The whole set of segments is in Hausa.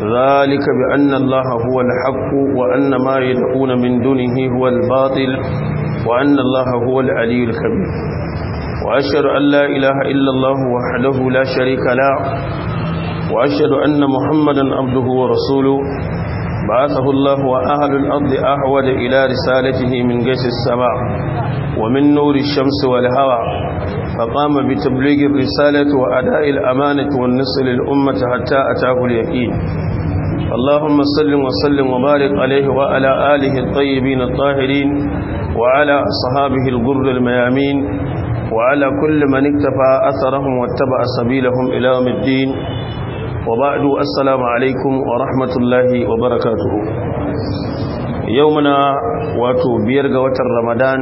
ذلك بأن الله هو الحق وأن ما يدعون من دونه هو الباطل وأن الله هو العلي الكبير وأشهد أن لا إله إلا الله وحده لا شريك له وأشهد أن محمدا عبده ورسوله بعثه الله وأهل الأرض أحود إلى رسالته من جيش السماء ومن نور الشمس والهوى فقام بتبليغ الرسالة وأداء الأمانة والنصر للأمة حتى أتاه اليقين اللهم صل وسلم وبارك عليه وعلى آله الطيبين الطاهرين وعلى أصحابه الغر الميامين وعلى كل من اكتفى أثرهم واتبع سبيلهم إلى يوم الدين وبعد السلام عليكم ورحمة الله وبركاته يومنا واتو بيرغ وتر رمضان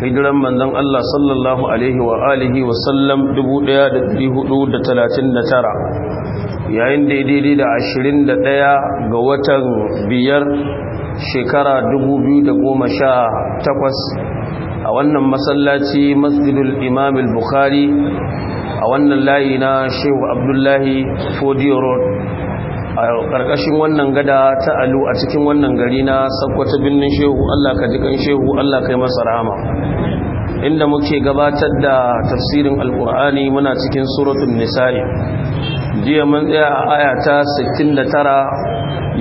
hijiran manzon Allah sallallahu alaihi wa alihi wa sallam 1439 yayin daidai da ashirin da 21 ga watan biyar shekara 2018 a wannan masallaci masjidul imam al-bukhari a wannan layi na shehu abdullahi fodiyo road a ƙarƙashin wannan gada ta alu a cikin wannan gari na sakwata birnin shehu allah ka jikan shehu allah ka yi masa rama inda muke gabatar da tafsirin alkur'ani muna cikin suratun nisa'i jiya mun tsaya a aya ta 69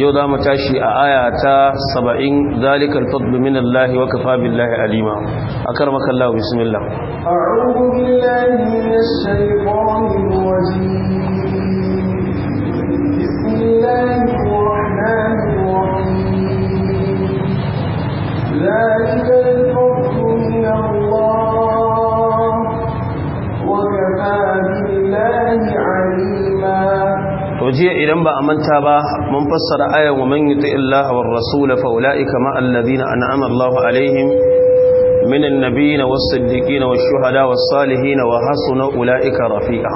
yau za mu tashi a aya ta 70 zalikal fadlu min wa kafa billahi alima akarmaka Allah bismillah a'udhu billahi minash rajim وجيه idan ba a manta ba mun fassara ayan wa man yuti illaha war rasul fa ulai ka ma alaihim min an-nabiyina was-siddiqina wash-shuhada was-salihina wa hasuna ulai ka rafi'a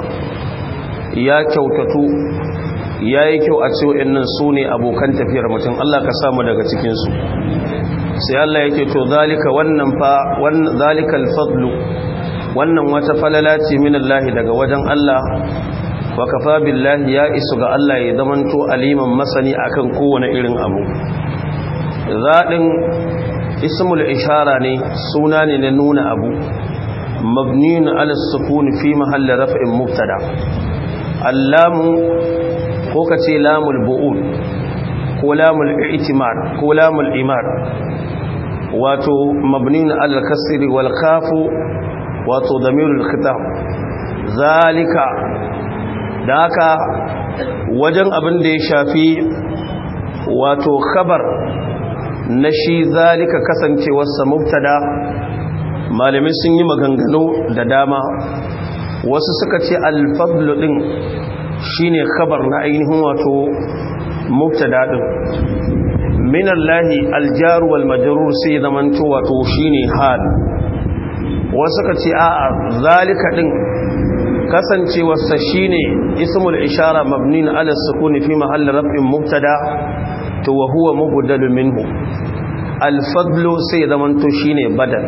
ya kyautatu yayi kyau a ce wa'annan sune abokan tafiyar mutum Allah ka samu daga cikin su sai Allah yake to zalika wannan fa wannan zalikal fadlu wannan wata falala ce min Allah daga wajen Allah wa kafa billahi ya isu ga Allah ya zamanto aliman masani akan kowane irin abu zadin ismul ishara ne suna ne na nuna abu mabniun ala sukun fi mahalli raf'in mubtada allamu ko kace lamul bu'ul ko lamul i'timar ko lamul imar wato mabnin al-kasri wal wato damirul khitab zalika da haka wajen abin da ya shafi wato khabar na shi zalika kasancewarsa mubtada malamai sun yi maganganu da dama wasu suka ce alfablu din shine khabar na ainihin wato mubtada din min Allahi aljaru wal sai zamanto wato shine hal wasu ka ce a zalika ɗin kasancewarsa shine ismul ishara mabnin ala sukuni fi mahalli raf'in muktada, to wa huwa mubdalu minhu al fadlu sai zamanto shine badal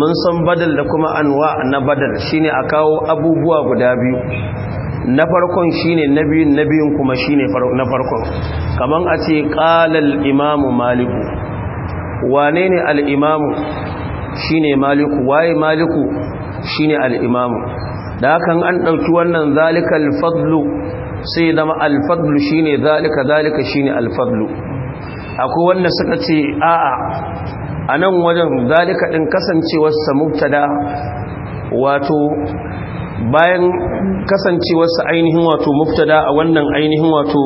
mun san badal da kuma anwa na badal shine a kawo abubuwa guda biyu na farkon shine na biyun na biyun kuma shine na farkon kaman a ce ƙalal imamu maliku wane ne al’imamu shi shine maliku waye maliku shine ne al’imamu da kan an ɗauki wannan zalika fadlu sai zama al fadlu shine zalika zalika shine al fadlu akwai wanda suka ce a'a a nan wajen zalika ɗin kasancewar ta mubtada wato bayan kasancewarsa ainihin wato muftada a wannan ainihin wato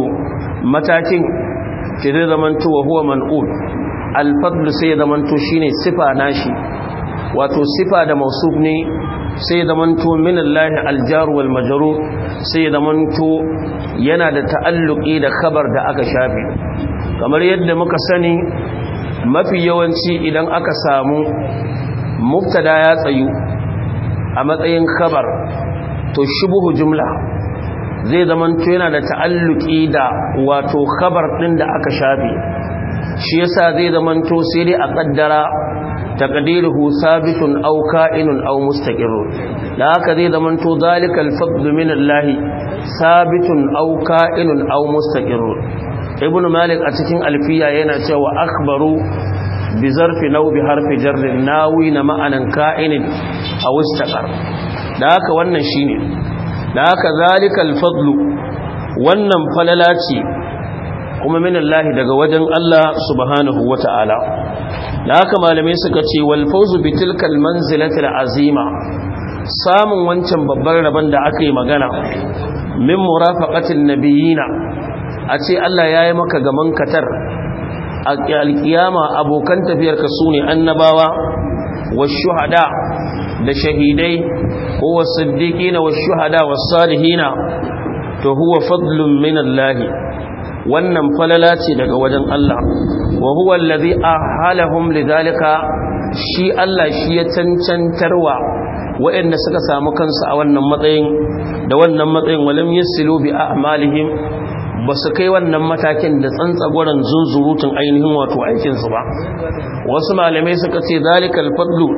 matakin ke zai zamanto wa huwa man'ul alfadl sai ya zamanto shine sifa nashi wato sifa da mausuf ne sai ya zamanto minallahi al aljaru wal majrur sai ya zamanto yana da ta'alluki da khabar da aka shafe kamar yadda muka sani mafi yawanci idan aka samu muftada ya tsayu a matsayin khabar to shubuhu jumla zai zamanto yana da ta'alluki da wato khabar din da aka shafe shi yasa zai zamanto sai dai a kaddara taqdiruhu sabitun aw ka'inun aw da haka zai zamanto zalikal fadlu min Allah sabitun aw ka'inun aw mustaqirrun ibnu malik a cikin alfiya yana cewa akhbaru bi zarfi law bi harfi jarrin nawi na ma'anan ka'inin a wustakar da haka wannan shine da haka zalikal fadlu wannan falala ce kuma minallahi daga wajen Allah subhanahu ta'ala da haka malamai suka ce wal fawzu bi tilkal manzilatil azima samun wancan babban rabon da aka yi magana min murafaqatin nabiyina a ce Allah ya yi maka gaman katar alkiyama abokan tafiyarka su ne annabawa wa shuhada da shahidai huwa na wa shuhada wa salihina to huwa fadlun min wannan falala ce daga wajen Allah wa huwa allazi ahalahum lidhalika shi Allah shi ya cancantarwa waɗanda suka samu kansu a wannan matsayin da wannan matsayin walam yasilu bi a'malihim ba su kai wannan matakin da tsantsagoran zunzurutun ainihin wato aikinsu ba wasu malamai suka ce zalikal fadlu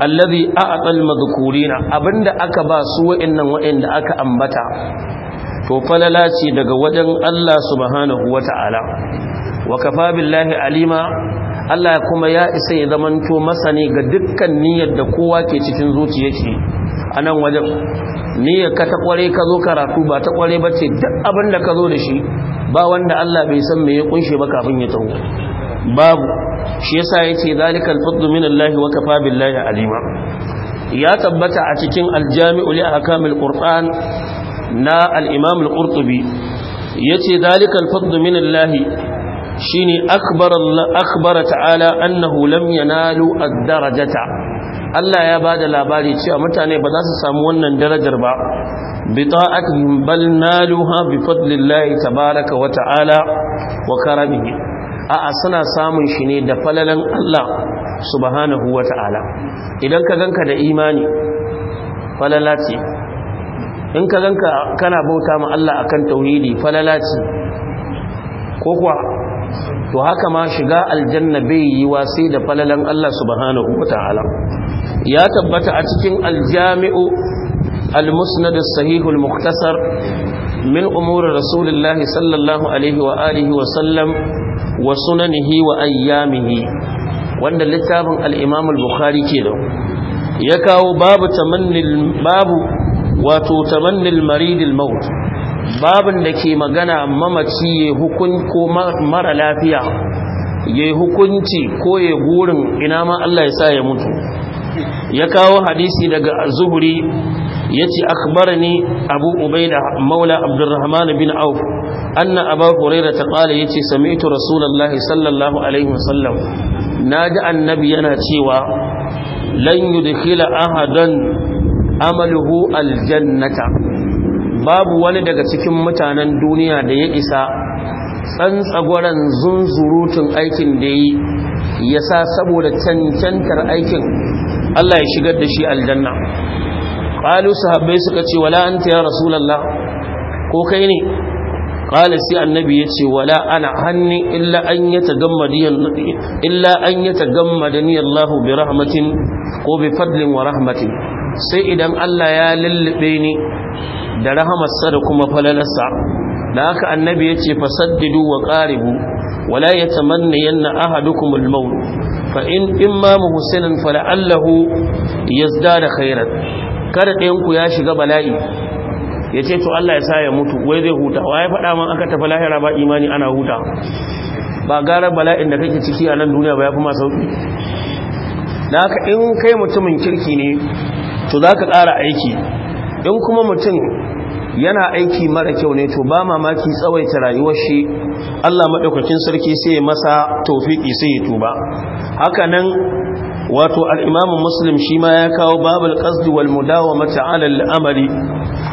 allazi a'tal madhkurina abinda aka ba su wa'annan wa'anda aka ambata to falalaci daga wajen Allah subhanahu wata'ala wa kafa billahi alima Allah kuma ya isa ya zamanto masani ga dukkan niyyar da kowa ke cikin zuciyarsa a nan wajen niyyar ka ta kware ka zo karatu ba ta kware bace duk abin da ka zo da shi ba wanda Allah bai san me ya kunshe ba kafin ya tawo babu shi yasa yace zalikal fadlu minallahi wa kafa billahi alima ya tabbata a cikin aljami'u li ahkamil qur'an na al-imam al-qurtubi yace zalikal fadlu min Allah shine akbar ta'ala annahu lam yanalu ad-darajata Allah ya bada labari cewa mutane ba za su samu wannan darajar ba bi ta'atihim bal naluha bi fadlillahi tabaaraka wa ta'ala wa karamihi a'a suna samun shi ne da falalan Allah subhanahu ta'ala, idan ka ganka da imani falala ce in ka ganka kana bauta ma Allah akan tauhidi falala ce ko kuwa to haka ma shiga aljanna bai yi sai da falalan Allah subhanahu ta'ala. ya tabbata a cikin aljami'u المسند الصحيح المختصر من أمور رسول الله صلى الله عليه وآله وسلم wa sunanihi wa ayyamihi wanda littafin al-Imam al-Bukhari da ya kawo babu tamannil babu wato tamannil maridil maut babin da ke magana mamaci ya hukun ko mara lafiya ya hukunci ko ya gurin ina ma Allah ya sa ya mutu ya kawo hadisi daga zuhuri yace akhbarani abu ubaida maula abdurrahman bin auf anna abu hurairah qala yace sami'tu rasulullahi sallallahu alaihi wasallam naji annabi yana cewa lan yudkhila ahadan amaluhu aljannata babu wani daga cikin mutanen duniya da ya isa tsantsagwaran zunzurutun aikin da yi ya sa saboda cancantar aikin Allah ya shigar da shi aljanna qalu sahabbai suka ce wala anta ya rasulullah ko kai ne qala sai annabi yace wala ana hanni illa an yatagammadi illa an yatagammadani Allah rahmatin ko bi wa rahmatin sai idan Allah ya lullube ni da rahamarsa da kuma falalarsa Na haka annabi yace fasaddidu wa qaribu wala yatamannayanna ahadukum al-maut fa in imma muhsinan fala'allahu yazdada khairan kada ɗayan ku ya shiga bala'i ya ce to Allah ya sa ya mutu wai zai huta wa ya faɗa man aka tafi lahira ba imani ana huta ba gara bala'in da kake ciki a nan duniya ba ya fi ma sauki da haka in kai mutumin kirki ne to za ka ƙara aiki in kuma mutum yana aiki mara kyau ne to ba mamaki tsawaita rayuwar shi Allah maɗaukakin sarki sai masa tofiƙi sai ya tuba haka nan wato al'imamun muslim shi ma ya kawo babal ƙasdi wal mudawa mata'alar al'amari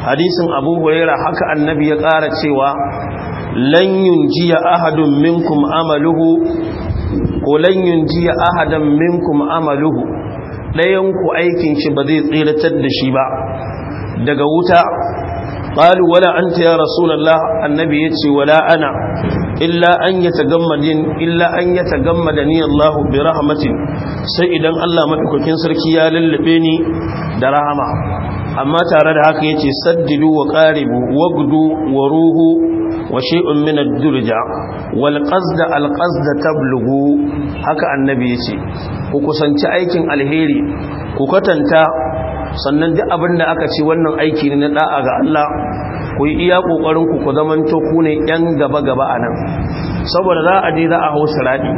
hadisin abu huraira haka annabi ya ƙara cewa lanyun jiya ahadun minkum amaluhu ko lanyun jiya minkum amaluhu ɗayanku aikin shi ba zai tsiratar da shi ba daga wuta ƙalu wala an ta ya rasulallah annabi ya ce wala ana illa an yatagammadin illa an yatagammadani Allah bi rahmatin sai idan Allah madaukakin sarki ya lallabe ni da rahama amma tare da haka yace saddidu wa qaribu wagdu wa ruhu wa shay'un min ad-durja wal qasda al qasda tablughu haka annabi yace ku kusanci aikin alheri ku kwatanta sannan duk abin da aka ce wannan aiki ne na da'a ga Allah ku yi iya kokarin ku ku zamanto ku ne yan gaba gaba anan saboda za a je za a hau raɗi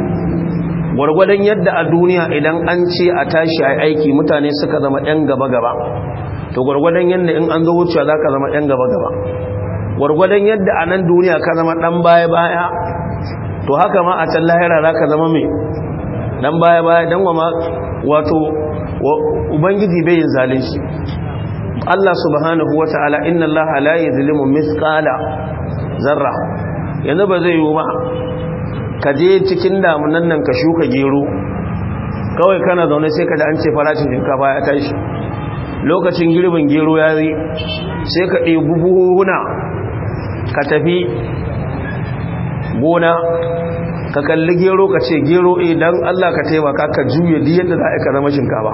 gwargwadon yadda a duniya idan an ce a tashi a aiki mutane suka zama 'yan gaba-gaba to gwargwadon yadda in an zo wucewa za ka zama 'yan gaba-gaba gwargwadon yadda a nan duniya ka zama ɗan baya-baya to haka ma a can lahira za ka zama mai ɗan baya-baya don ma wato ubangiji bai yin zalunci Allah subhanahu wa ta'ala inna Allah la yuzlimu miskala zarra yanzu ba zai yiwu ba ka je cikin damunan nan ka shuka gero kawai kana zaune sai ka da an ce farashin shinkafa ya tashi lokacin girbin gero ya zai sai ka ɗebi buhuna ka tafi gona ka kalli gero ka ce gero idan eh, Allah ka taimaka ka juya duk da za a yi ka zama shinkafa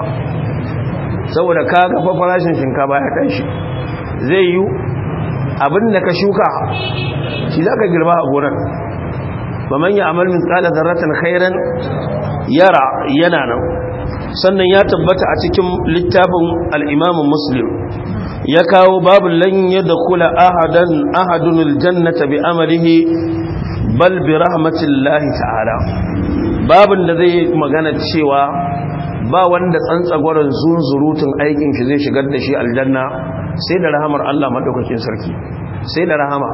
saboda ka gafa farashin shinkafa ya tashi zai yi Abinda ka shuka shi za ka girba a gonar ba manya amal min tsala zarratan khairan yara yana nan sannan ya tabbata a cikin littafin al'imamin muslim ya kawo babu lanye da kula ahadan ahadun aljannata bi amalihi bal bi rahmatillahi ta'ala babin da zai magana cewa ba wanda tsantsa zuwan zunzurutun aikin shi zai shigar da shi aljanna sai da rahamar Allah maɗaukakin sarki sai da rahama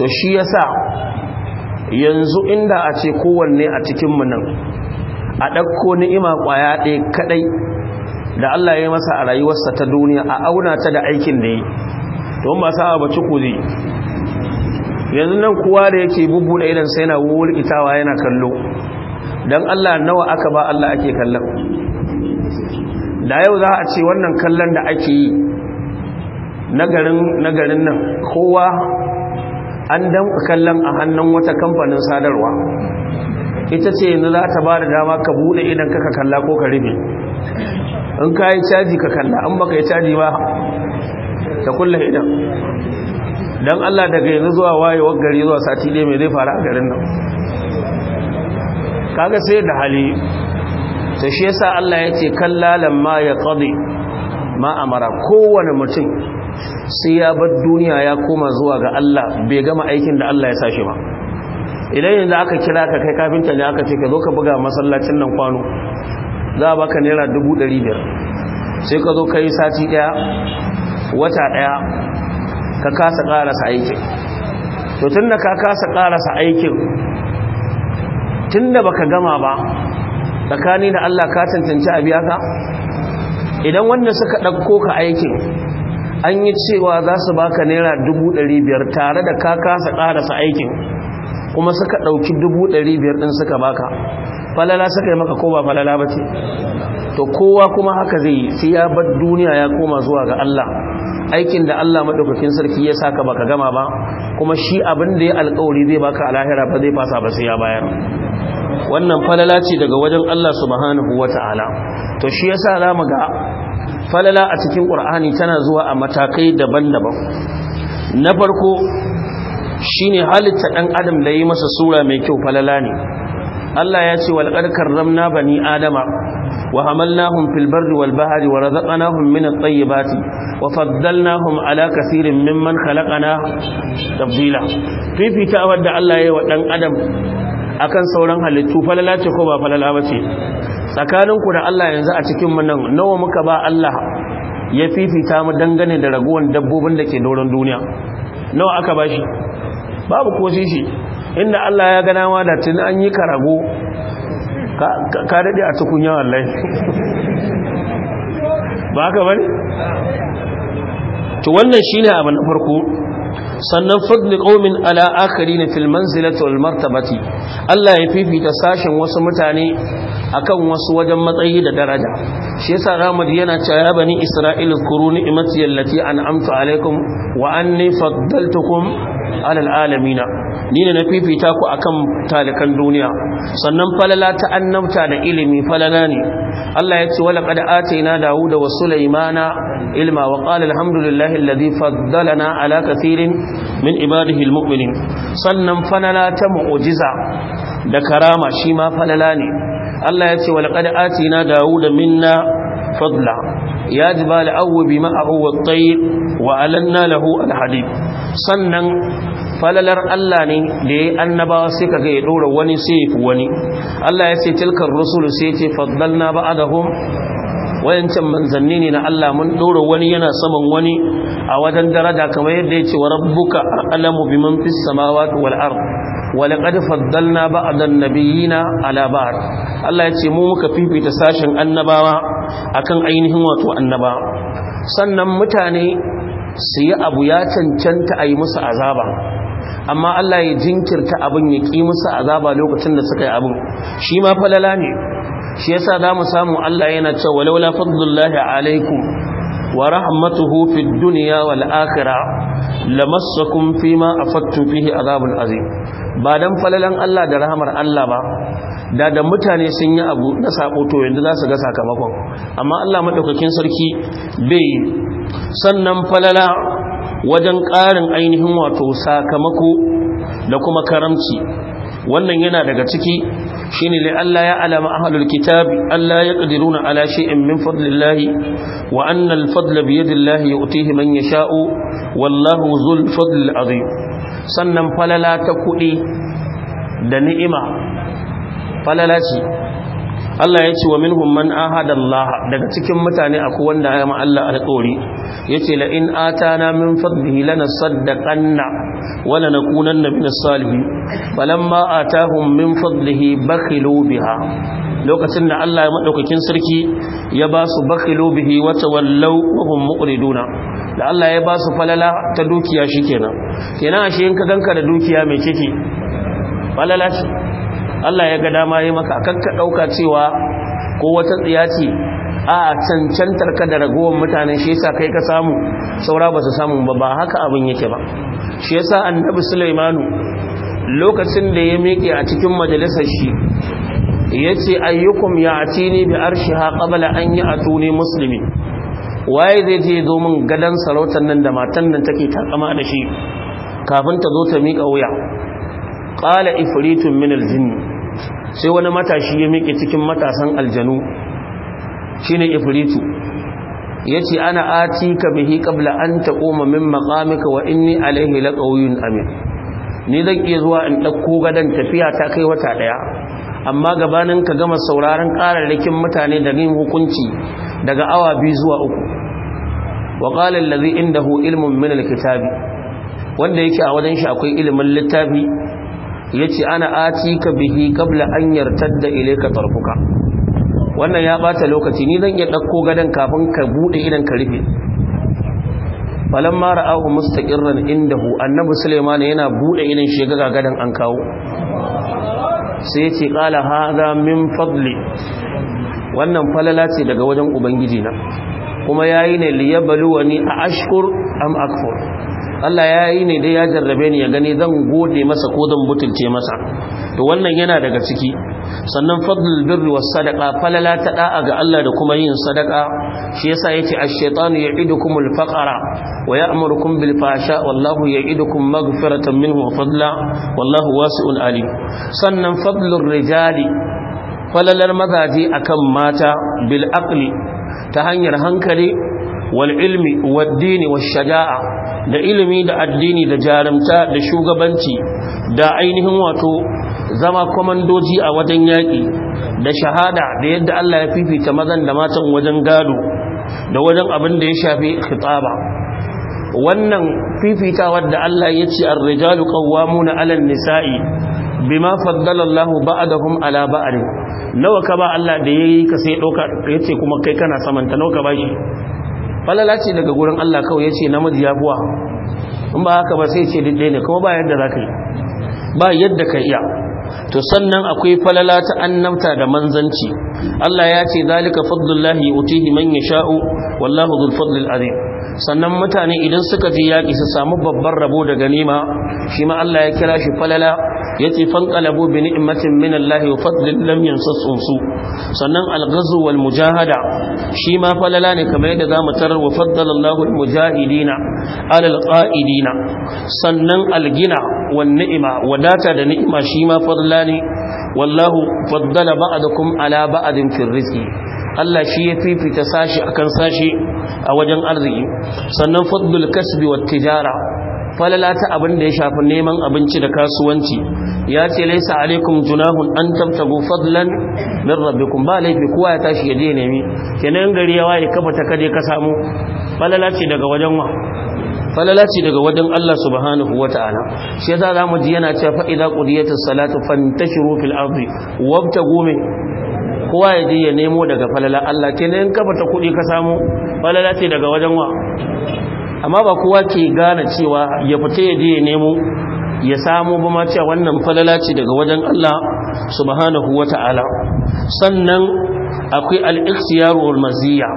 to shi ya sa yanzu inda a ce kowanne a cikin munan a ɗakko ni'ima ƙwaya ɗaya kaɗai da Allah ya yi masa a rayuwarsa ta duniya a auna ta da aikin da yi to ba sa ba ci kuzi yanzu nan kowa da yake bubbuɗe idan sai na itawa yana kallo don Allah nawa aka ba Allah ake kallon da yau za a ce wannan kallon da ake yi nagarin nan kowa an dan kallon a hannun wata kamfanin sadarwa ita ce yanzu za ta ba dama ka bude idan ka kalla ko ka rufe. in ka yi caji ka kalla an baka yi caji ba ta kulle idan don Allah daga yanzu zuwa wayewar gari zuwa sati ɗaya mai zai fara a garin nan kaga sai da hali ta shi yasa Allah ya ce kallalan ma ya qadi ma amara kowane mutum sai ya bar duniya ya koma zuwa ga Allah bai gama aikin da Allah ya sa shi ba idan yanzu aka kira ka kai kafinta ne aka ce ka zo ka buga masallacin nan kwano za a baka naira biyar. sai ka zo ka yi sati daya wata daya ka kasa karasa aikin to tun da ka kasa karasa aikin tun da baka gama ba tsakani da Allah ka cancanci a biyaka idan wanda suka ɗauko ka aikin an yi cewa za su baka naira biyar tare da ka kasa ƙarasa aikin kuma suka ɗauki biyar ɗin suka baka falala suka yi maka ko ba falala ba ce to kowa kuma haka zai yi sai ya bar duniya ya koma zuwa ga Allah aikin da Allah madaukakin sarki ya saka baka gama ba kuma shi abin da ya alƙawari zai baka a lahira ba zai fasa ba sai ya bayar wannan falala ce daga wajen Allah subhanahu wata'ala to shi yasa zamu ga falala a cikin Qur'ani tana zuwa a matakai daban-daban na farko shine halitta dan adam da yi masa sura mai kyau falala ne Allah ya ce ramna karramna bani adama wa hamalnahum fil barri wal bahri wa razaqnahum min at tayyibati wa faddalnahum ala kaseerin mimman Fifi ta fifita wadda Allah ya wa dan adam akan sauran halittu falala ce ko ba falala bace tsakaninku da Allah yanzu a cikin mu nan nawa muka ba Allah ya fifita mu dangane da raguwan dabbobin da ke doron duniya nawa aka bashi babu ko shi inda Allah ya gana wa da tun an yi karago ka daɗe a yawan lai ba ka bari? to wannan shi ne abin farko sannan fadli ƙomin ala na Filman manzilati martabati Allah ya fifita sashen wasu mutane akan wasu wajen matsayi da daraja shi yasa ramadu yana cewa ya bani Isra'il kuruni imati an amtu alaikum wa an ni faddaltukum alal alamina ni ne na fifita ku akan talikan duniya sannan falala ta annabta da ilimi falala ne Allah ya ce wala qad atayna dawuda wa sulaymana ilma wa qala alhamdulillahi alladhi faddalana ala kathirin min ibadihi almu'minin sannan falala ta mu'jiza da karama shi ma falala ne Allah ya ce wala qad atina minna فضلا يا جبال أوبي معه والطير وألنا له الحديد sannan falalar Allah ne da ya annaba sai kaga ya dora wani sai wani Allah ya ce tilkar rusul sai ce faddalna ba'dahum wayancan manzanni ne na Allah mun dora wani yana saman wani a wajen daraja kamar yadda ya ce wa rabbuka a'lamu biman fis samawati wal ard ولقد فضلنا بعض النبيين على بعض Allah ya ce mu muka fifita sashen annabawa akan ainihin wato annaba sannan mutane su yi abu ya cancanta a yi musu azaba amma Allah ya jinkirta abin ya ƙi musu azaba lokacin da suka yi abin shi ma falala ne shi yasa za mu samu Allah yana wa laula fadlullahi alaikum wa rahmatuhu fid dunya wal akhirah lamassakum fima afattu fihi azabun azim ba don falalan Allah da rahamar Allah ba da da mutane sun yi abu na sako to yanzu za su ga sakamakon amma Allah maɗaukakin sarki bai sannan falala wajen ƙarin ainihin wato sakamako da kuma karamci wannan yana daga ciki shine ne Allah ya alama ahlul kitabi? Allah ya na ala in min fadlillahi wa anna al-fadla bi ya utihi man sha'o? wallahu zul fadl azim sannan falala ta kuɗi da ni'ima falala ce Allah ya ce wa minhum man ahada Allah daga cikin mutane akwai wanda ya ma Allah alƙawari yace la in atana min fadlihi lanasaddaqanna wa lanakunanna min as-salihin falamma atahum min fadlihi bakhilu biha lokacin da Allah ya madaukakin sarki ya ba su bakhilu bihi wa tawallaw wa hum muqriduna da Allah ya ba su falala ta dukiya shi kenan kenan ashe in ka ganka da dukiya mai ciki falala ce Allah ya ga dama yi maka ka ɗauka cewa ko wata tsiya ce a cancantar ka da ragowar mutanen shi yasa kai ka samu saura ba su samu ba ba haka abin yake ba shi yasa annabi sulaimanu lokacin da ya miƙe a cikin majalisar shi ya ce ayyukum ya bi arshiha qabla an yi atuni musulmi waye zai je zo min gadon sarautar nan da matan nan take takama da shi kafin ta zo ta mika wuya qala ifritun min aljin sai wani matashi ya miƙe cikin matasan aljanu shine ifritu yace ana atika bihi qabla an taquma min maqamika wa inni alayhi laqawiyun amin ni zan iya zuwa in dauko gadan tafiya ta kai wata daya amma gabanin ka gama sauraron kararrakin mutane da yin hukunci daga awa biyu zuwa uku wa qala allazi indahu ilmun min alkitabi wanda yake a wajen shi akwai ilimin littafi yace ana ka bihi kabla an yartadda ilayka tarfuka wannan ya bata lokaci ni zan iya dauko gadan kafin ka bude idan ka rufe falamma ra'ahu mustaqirran indahu annabi sulaiman yana bude idan shi ga gadan an kawo sai yace qala hadha min fadli wannan falala ce daga wajen ubangiji na kuma yi ne liyabluwani a ashkur am akfur Allah yi ne dai ya jarrabe ni ya gani zan gode masa ko zan butulce masa to wannan yana daga ciki sannan fadlul birri was sadaqa falala ta da'a ga Allah da kuma yin sadaqa shi yasa yace ash-shaytanu ya'idukumul faqra wa ya'murukum bil fasha. wallahu ya'idukum maghfiratan minhu wa fadla wallahu wasi'un alim sannan fadlur rijali falalar mazaje akan mata bil aqli ta hanyar hankali wal ilmi waddini dini da ilimi da addini da jarumta da shugabanci da ainihin wato zama komandoji a wajen yaki da shahada da yadda Allah ya fifita mazan da matan wajen gado da wajen abin da ya shafi khitaba wannan fifitawar da Allah ya ce ar-rijalu qawwamuna 'alan nisa'i bima faddala Allahu ba'dahum 'ala ba'd nawa ka ba Allah da ya yi ka sai ɗauka ya ce kuma kai kana samanta nawa ka ba shi falala ce daga gurin Allah kawai ya ce namiji ya buwa in ba haka ba sai ce diddai ne kuma ba yadda za ka yi ba yadda ka iya to sannan akwai falala ta annabta da manzanci Allah ya ce zalika fadlullahi yutihi man yasha'u wallahu dhul al azim sannan mutane idan suka ji yaƙi su samu babban rabo daga ganima shi ma Allah ya kira shi falala ya ce fanqalabu bi ni'matin min Allah wa fadlin lam sannan al-ghazw wal mujahada shi ma falala ne kamar yadda zamu tarar wa faddala Allahu al-mujahidina ala al-qa'idina sannan al-gina wan ni'ma wadata da ni'ima shi ma falala ne wallahu faddala ba'dakum ala ba'din fi rizqi Allah shi ya fifita sashi akan sashi a wajen arziki sannan fadlul kasbi wat tijara falalata abin da ya shafi neman abinci da kasuwanci ya ce laisa alaikum junahun an tabtagu fadlan min rabbikum ba laifi kowa ya tashi ya je nemi kenan gari ya waye kafa ta kaje ka samu falalaci daga wajen wa falalaci daga wajen Allah subhanahu wata'ala shi yasa zamu ji yana cewa fa idza qudiyatis salatu fantashiru fil ardi wabtagu min kowa ya je ya nemo daga falala Allah ke in kafa ta kuɗi ka samu falala ce daga wajen wa amma ba kowa ke gane cewa ya fita ya je ya nemo ya samu ba ma cewa wannan falala ce daga wajen Allah subhanahu wata'ala sannan akwai al-ikhtiyaru wal maziyya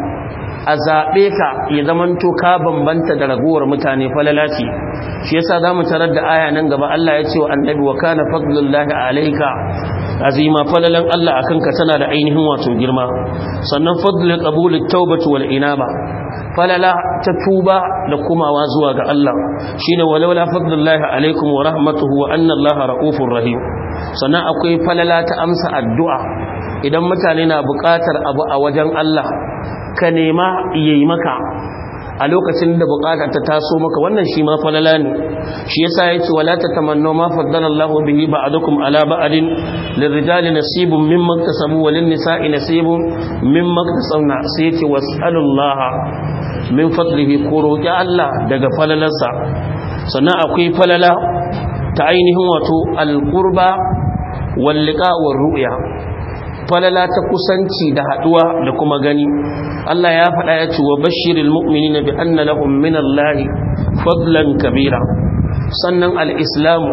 a zaɓe ka ya to ka bambanta da ragowar mutane falala ce shi yasa zamu tarar da aya nan gaba Allah ya ce wa annabi wa kana fadlullahi alayka azima falalan Allah akan ka tana da ainihin wato girma sannan fadlul qabul at-taubatu wal inaba falala ta tuba da kumawa zuwa ga Allah shine walawla fadlullahi alaikum wa rahmatuhu wa anna Allah raufur rahim sannan akwai falala ta amsa addu'a idan mutane na buƙatar abu a wajen Allah ka nema yayi maka a lokacin da bukata ta taso maka wannan shi ma falala ne shi yasa yace wala tatamannu ma faddala Allahu bihi ba'dukum ala ba'din lirrijali nasibun mimma kasabu wa nisai nasibun mimma kasabna sai yace was'alullaha min fadlihi ko roki Allah daga falalarsa sannan akwai falala ta ainihin wato al-qurba wal-liqa war-ru'ya falala ta kusanci da haduwa da kuma gani Allah ya faɗa ya ce wa bashiril mu'minina bi anna lahum min Allah fadlan kabira sannan al-islam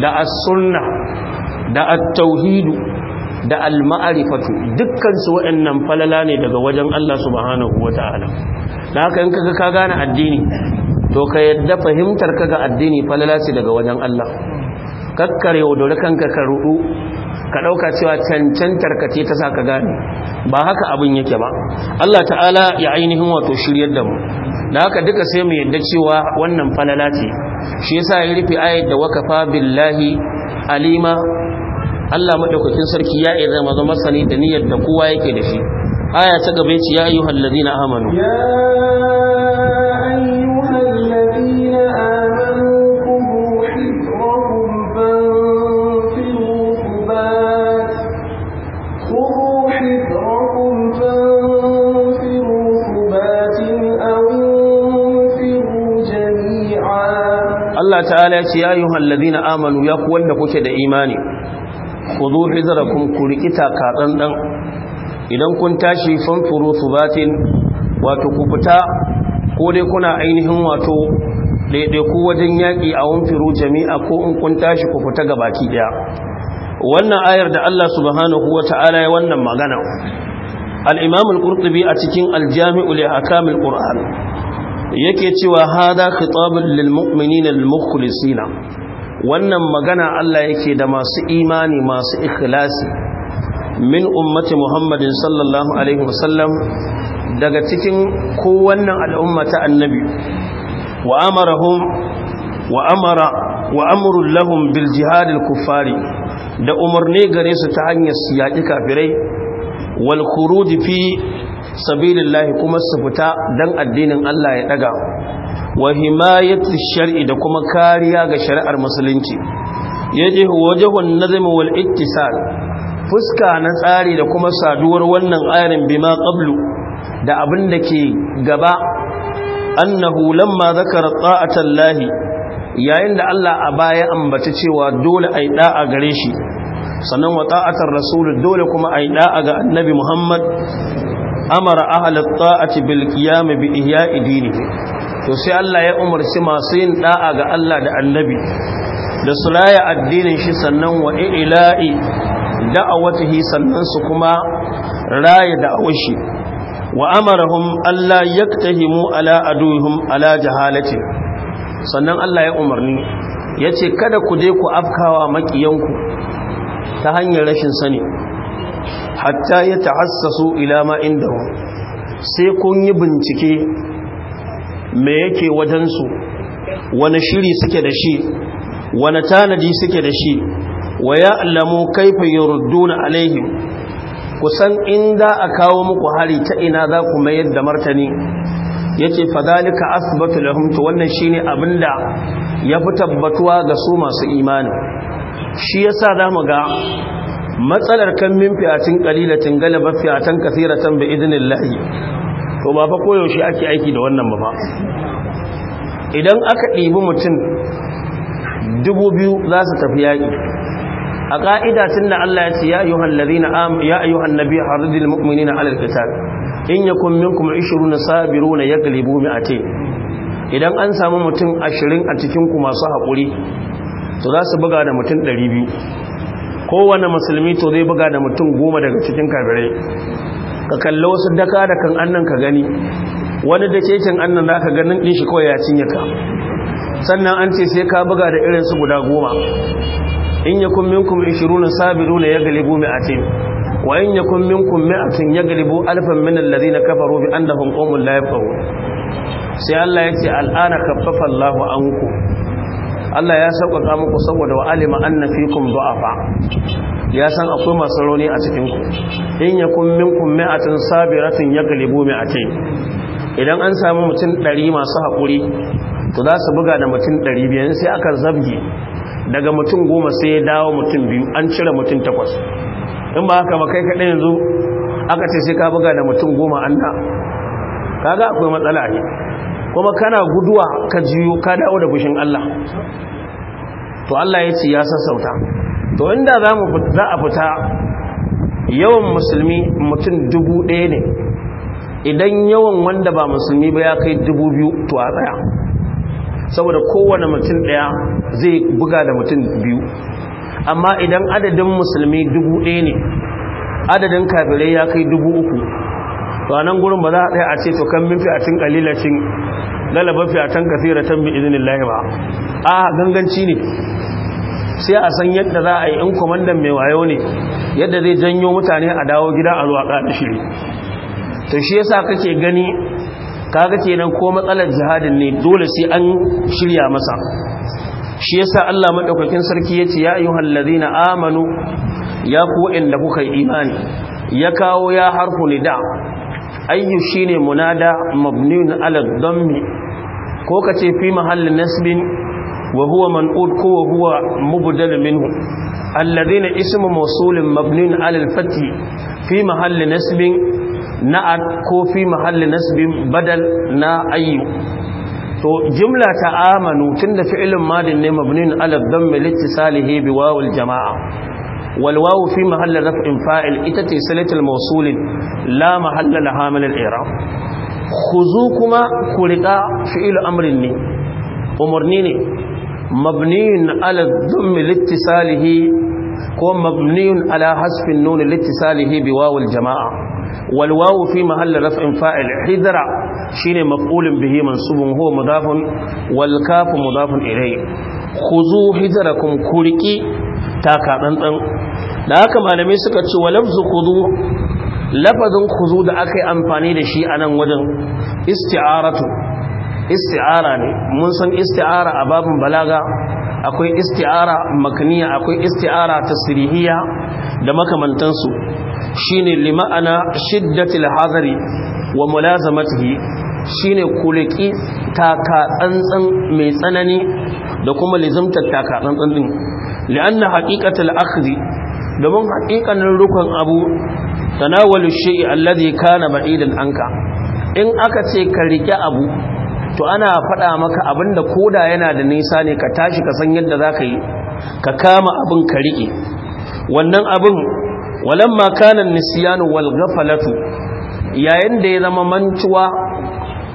da as-sunna da at da alma'arifatu. Dukkansu dukkan waɗannan falala ne daga wajen Allah subhanahu wataala dan haka in kaga ka gane addini to ka yadda fahimtar ga addini falala ce daga wajen Allah kakkare yaudare kanka ka rudu ka ɗauka cewa cancantar ka ce ta sa ka gane ba haka abin yake ba Allah ta'ala ya ainihin wato shiryar da mu da haka duka sai mu yadda cewa wannan falala ce shi yasa ya rufe ayat da wakafa billahi alima Allah madaukakin sarki ya iya zama zama sani da niyyar da kowa yake da shi aya ta gaba ce ya ayyuhal ladina amanu ya ta'ala ya ce ya ayyuhal ladina amanu ya kuwanda kuke da imani Ku khudhu kun ku rikita katsan dan idan kun tashi fanfuru su batin wato ku fita ko dai kuna ainihin wato daidaiku wajen yaƙi a wunfiru jami'a ko in kun tashi ku fita ga baki ɗaya. wannan ayar da Allah subhanahu ta'ala ya wannan magana al imamul a cikin al-jami'u li ahkam yake cewa hada khitabun lil mu'minina al mukhlisina wannan magana Allah yake da masu imani masu ikhlasi min ummati muhammadin sallallahu alaihi wasallam daga cikin kowannan al'umma ta annabi wa amarahum wa amara wa amrul lahum bil jihad al kuffari da umarni gare su ta hanyar siyaki kafirai wal khuruj fi lahi kuma su fita don addinin Allah ya daga wa himayatu shari'i da kuma kariya ga shari'ar musulunci yaje wajhun nazm wal ittisal fuska na tsari da kuma saduwar wannan ayarin bima qablu da abin da ke gaba annahu lamma ta'atan lahi. yayin da Allah a baya ambaci cewa dole a yi da'a gare shi sannan wa ta'atar rasulun dole kuma a yi da'a ga annabi Muhammad amara ahlus ta'ati bil bi ihya'i idini. to sai Allah ya umarci masu yin da'a ga Allah da annabi da sulaya addinin shi sannan wa ila'i da'awatihi sannan su kuma raya da'awar shi wa amarahum Allah yaktahimu ala aduhum ala jahalati sannan Allah ya umarni yace kada ku je ku afkawa makiyanku ta hanyar rashin sani hatta ya ta'assasu ila ma indahum sai kun yi bincike me yake wajensu wani shiri suke da shi wani tanadi suke da shi wa ya alamu kaifa Ku alaihim kusan inda a kawo muku hari ta ina za ku mayar da martani yace fadalika asbatu lahum to wannan shine abinda ya fi tabbatuwa ga su masu imani shi yasa zamu ga matsalar kan min fi'atin qalilatin galaba kasiratan bai bi lahi to ba fa koyaushe ake aiki da wannan ba idan aka ɗibi mutum dubu biyu za su tafi yaƙi a ƙa'ida tun da Allah ya ce ya ayyuhan ladina am ya ayyuhan nabi haridil mu'minina na qital in na ya galibu sabiruna a te, idan an samu mutum ashirin a cikin cikinku masu haƙuri to za su buga da mutum ɗari biyu. kowane musulmi to zai buga da mutum goma daga cikin kabirai, ka kalli wasu daka da kan annan ka gani wani da cecin annan za ka ganin ɗin shi kawai ya cinye ka sannan an ce sai ka buga da irin su guda goma in ya kun minkum 20 sabiru ne ya galibu mai atin wa in ya kun minkum mai atin ya galibu alfan min allazi na kafaro bi an da hunkomun layafaro sai allah ya ce al'ana kafafa lahu an Allah ya sauƙaƙa muku saboda wa alima anna fikum du'afa ya san akwai masu rauni a cikin ku in yakun minkum mi'atun sabiratin yaglibu mi'atin idan an samu mutum 100 masu haƙuri to za su buga da mutum 500 sai aka zabge daga mutum goma sai ya dawo mutum biyu an cire mutum takwas in ba haka ba kai kaɗai yanzu aka ce sai ka buga da mutum goma an na kaga akwai matsala ne kuma kana guduwa ka jiyo ka dawo da fushin Allah to Allah ya ce ya sassauta to inda za mu za a fita yawan musulmi mutum dubu ɗaya ne idan yawan wanda ba musulmi ba ya kai dubu biyu to a tsaya saboda kowane mutum ɗaya zai buga da mutum biyu amma idan adadin musulmi dubu ɗaya ne adadin kafirai ya kai dubu uku to anan gurin ba za a tsaya a ce to kan a cin lalaba fi a galaba kasira kaseeratan bi idnillahi ba a ganganci ne sai a san yadda za a yi in kwamandan mai wayo ne yadda zai janyo mutane a dawo gida a zuwa ƙaɗa shiri to shi yasa kake gani kaga kenan ko matsalar jihadin ne dole sai an shirya masa shi yasa Allah madaukakin sarki yace ya ayyuhal ladina amanu ya ku inda kuka imani ya kawo ya harfu da. ayyu shine munada mabniun ala dhammi ko kace fi mahalli nasbin wa huwa man'ud ko wa huwa mubdal minhu alladhina ismu mawsulin mabniun ala al-fathi fi mahalli nasbin na'at ko fi mahalli nasbin badal na ayyu to jumla ta amanu tunda fi'ilin madin ne mabniun ala dhammi litisalihi bi wawil jama'a والواو في محل رفع فاعل إتتي سلة الموصول لا محل لها من الإعراب خذوكما كرقا فعل أمر ني أمرني ني مبني على الضم لاتصاله ومبني على حذف النون لاتصاله بواو الجماعة والواو في محل رفع فاعل حذر شين مفعول به منصوب هو مضاف والكاف مضاف إليه خذوا حذركم كرقي taka ɗanɗan da haka malamai suka ce wa lafzu kudu lafazin kudu da aka yi amfani da shi a nan wajen isti'aratu isti'ara ne mun san isti'ara a babin balaga akwai isti'ara makaniya akwai isti'ara tasirihiya da makamantansu shine lima'ana shiddatil hazari wa mulazamatihi shine kulaki taka tsantsan mai tsanani da kuma lizimtar taka tsantsan din لأن حقيقة الأخذ domin haƙiƙanin rukun abu tanawul shay'i alladhi kana ba'idan anka in aka ce ka riƙe abu to ana faɗa maka abinda koda yana da nisa ne ka tashi ka san yadda zaka yi ka kama abin ka rike wannan abin walamma kana nisyan wal ghaflatu yayin da ya zama mantuwa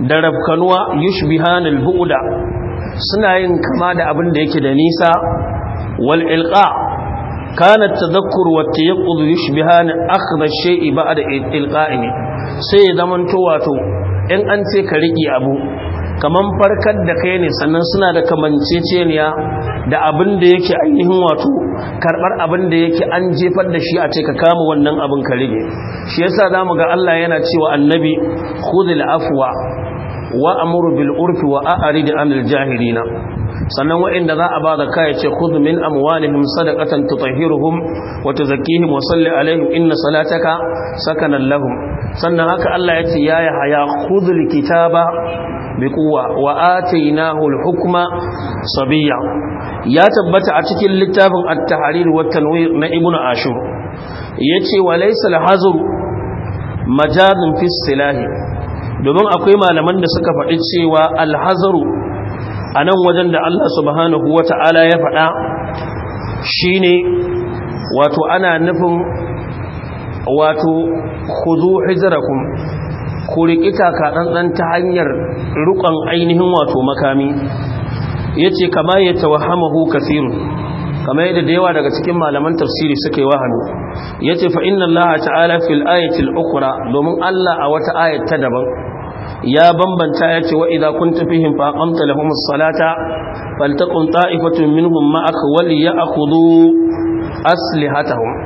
da rabkanuwa yushbihanul bu'da suna yin kama da abin da yake da nisa wal كان kana tadhakkur يشبهان أخذ الشيء بعد إلقائه ba'da من sai ya zamanto wato in an ka riƙe abu kaman farkar da kai ne sannan suna da kamanceceniya da abin da yake ainihin wato karɓar abin da yake an jefar da shi a ce ka kama wannan abin ka rige shi yasa zamu ga Allah yana cewa annabi khudhil afwa wa amuru bil urfi wa a'rid anil jahilina sannan wa'inda za a ba da kaya ce khudh min amwalihim sadaqatan tutahhiruhum wa tuzakkihim wa salli alaihim inna salataka sakanan lahum sannan haka Allah ya ce ya haya kitaba bi quwwa wa atainahu al hukma sabiya ya tabbata a cikin littafin at-tahrir wa tanwir na ibnu ashur yace wa laysa al hazr majadun silahi domin akwai malaman da suka faɗi cewa alhazaru a nan wajen da Allah subhanahu wa ta'ala ya faɗa shi ne wato ana nufin wato ku zo hijirakun ku riƙi kaɗanɗan ta hanyar rukon ainihin wato makami ya ce kama ya tawahamahu kasiru kamar yadda da yawa daga cikin malaman tafsiri suka yi wahanu yace fa inna allaha ta'ala fil ayati ukhra domin allah a wata ayat ta daban ya bambanta yace wa idza kunta fihim fa aqamta lahum as-salata faltaqum ta'ifatun minhum ma'aka wal ya'khudhu aslihatahum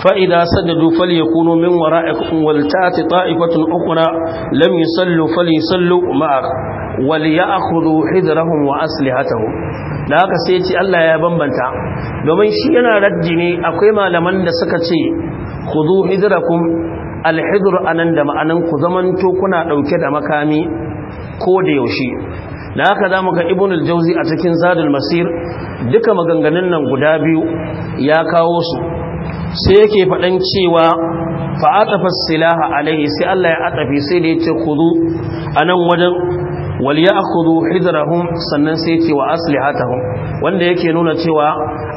fa idza sadadu falyakunu min wara'ikum wal ta'ati ta'ifatun ukhra lam yusallu falyusallu ma'aka ya ya'khudhu hidrahum wa aslihatahum da haka sai ce Allah ya bambanta domin shi yana raddi akwai malaman da suka ce kudu hidrakum al anan da ma'anan ku zamanto kuna dauke da makami ko da yaushe da haka za ga ibn al-jauzi a cikin zadul masir duka maganganun nan guda biyu ya kawo su sai yake faɗan cewa fa'atafa silaha alaihi sai Allah ya atafi sai da yace ce kudu anan wajen wal ya'khudhu hidrahum sannan sai ce wa aslihatahum wanda yake nuna cewa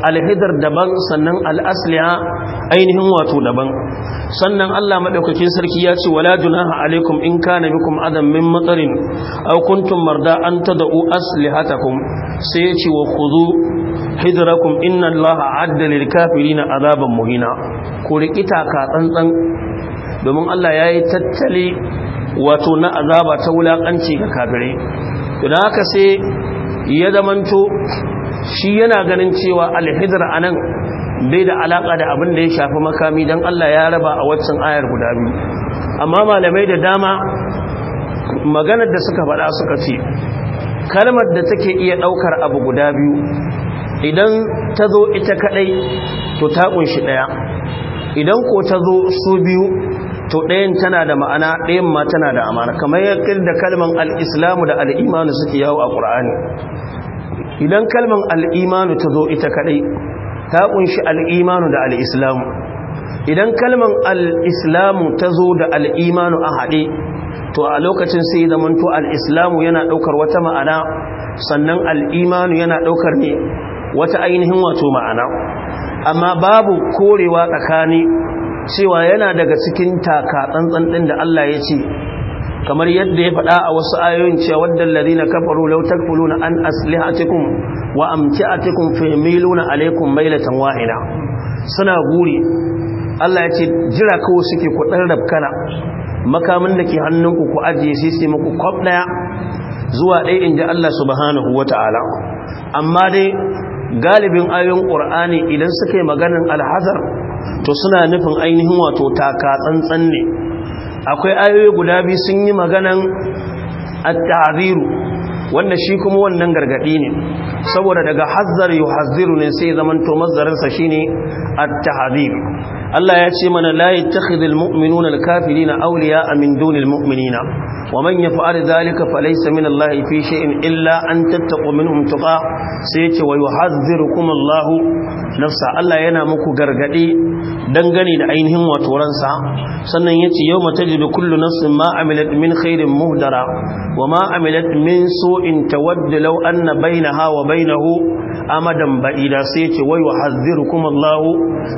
alhidar daban sannan al ainihin wato daban sannan Allah madaukakin sarki ya ce wala junaha alaikum in kana bikum adam min matarin aw kuntum marda an tad'u aslihatakum sai ya ce wa khudhu hidrakum inna Allaha adda lil kafirina azaban muhina ku rikita ka tsantsan domin Allah ya yi tattali wato na azaba ta wulakanci ga kafirai don haka sai ya zamanto shi yana ganin cewa alhijir anan bai da alaka da abin da ya shafi makami don Allah ya raba a waccan ayar guda biyu amma malamai da dama maganar da suka faɗa suka ce kalmar da take iya ɗaukar abu guda biyu idan ta zo ita kaɗai to ta ƙunshi ɗaya idan ko ta zo su biyu to ɗayan tana da ma'ana ɗayan ma tana da amana kamar da kalman al'islamu da al'imanu suke yawo a ƙura'ani idan kalman al'imanu ta zo ita kaɗai ta ƙunshi al'imanu da al'islamu idan kalman al'islamu ta zo da al'imanu a haɗe to a lokacin sai zamanto al'islamu yana ɗaukar wata ma'ana sannan al'imanu yana ɗaukar ne wata ainihin wato ma'ana amma babu korewa tsakani cewa yana daga cikin taka tsantsan din da Allah ya ce kamar yadda ya faɗa a wasu ayoyin cewa waddal ladina kafaru law takfuluna an aslihatikum wa amtiatikum familuna alaykum mailatan wahida suna guri Allah ya ce jira kawai suke ku dan rabkana makamin da ke hannunku ku ajiye sai sai muku kwab daya zuwa ɗaya inji Allah subhanahu wata'ala amma dai galibin ayoyin Qur'ani idan suka yi maganar alhazar to suna nufin ainihin wato taka tsantsan ne akwai ayoyi guda biyu sun yi maganan at-ta'ziru wanda shi kuma wannan gargadi ne saboda daga hazzar yuhazziru ne sai zaman to mazdarin sa shine at tazir Allah ya ce mana la yattakhidul mu'minuna al-kafirina awliya'a min dunil mu'minina ومن يفعل ذلك فليس من الله في شيء إلا أن تتقوا منهم تقى سيت ويحذركم الله نفسه الله ينا مكو غرغدي دنگني da ainihin watoransa sannan yace yawma tajidu kullu nafsin ma amilat min khairin muhdara wama amilat min su'in tawaddu law anna bainaha wa bainahu amadan ba'ida sai yace wa yuhadhdhirukum Allah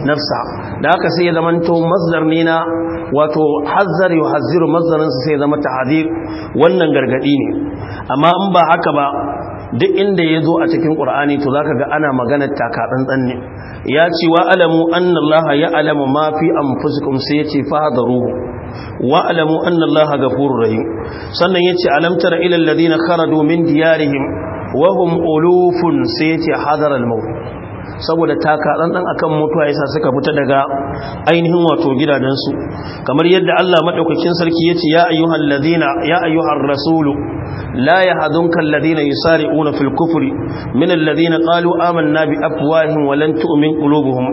nafsa da haka sai ya zamanto mazdar nina wato hazzar yuhadhdhiru mazdarin sai ya zama ta'zir wannan gargadi ne amma in ba haka ba duk inda ya zo a cikin ƙur'ani to zaka ga ana maganar taka ne ya ce wa alamu annallaha ya ma fi amfusikum sai ya ce fahadaru wa alamu annallaha gafurur rahim sannan ya ce alamtara ilal ladina kharaju min diyarihim wa hum ulufun sai ya ce hadaral maut saboda taka a akan mutuwa yasa suka fita daga ainihin wato gidajensu kamar yadda Allah maɗaukakin sarki ya ce ya ayyuhan ladina ya ayyuhan rasulu la yahzunka alladhina yusari'una fil kufri min alladhina qalu amanna bi afwahihim wa lan tu'min qulubuhum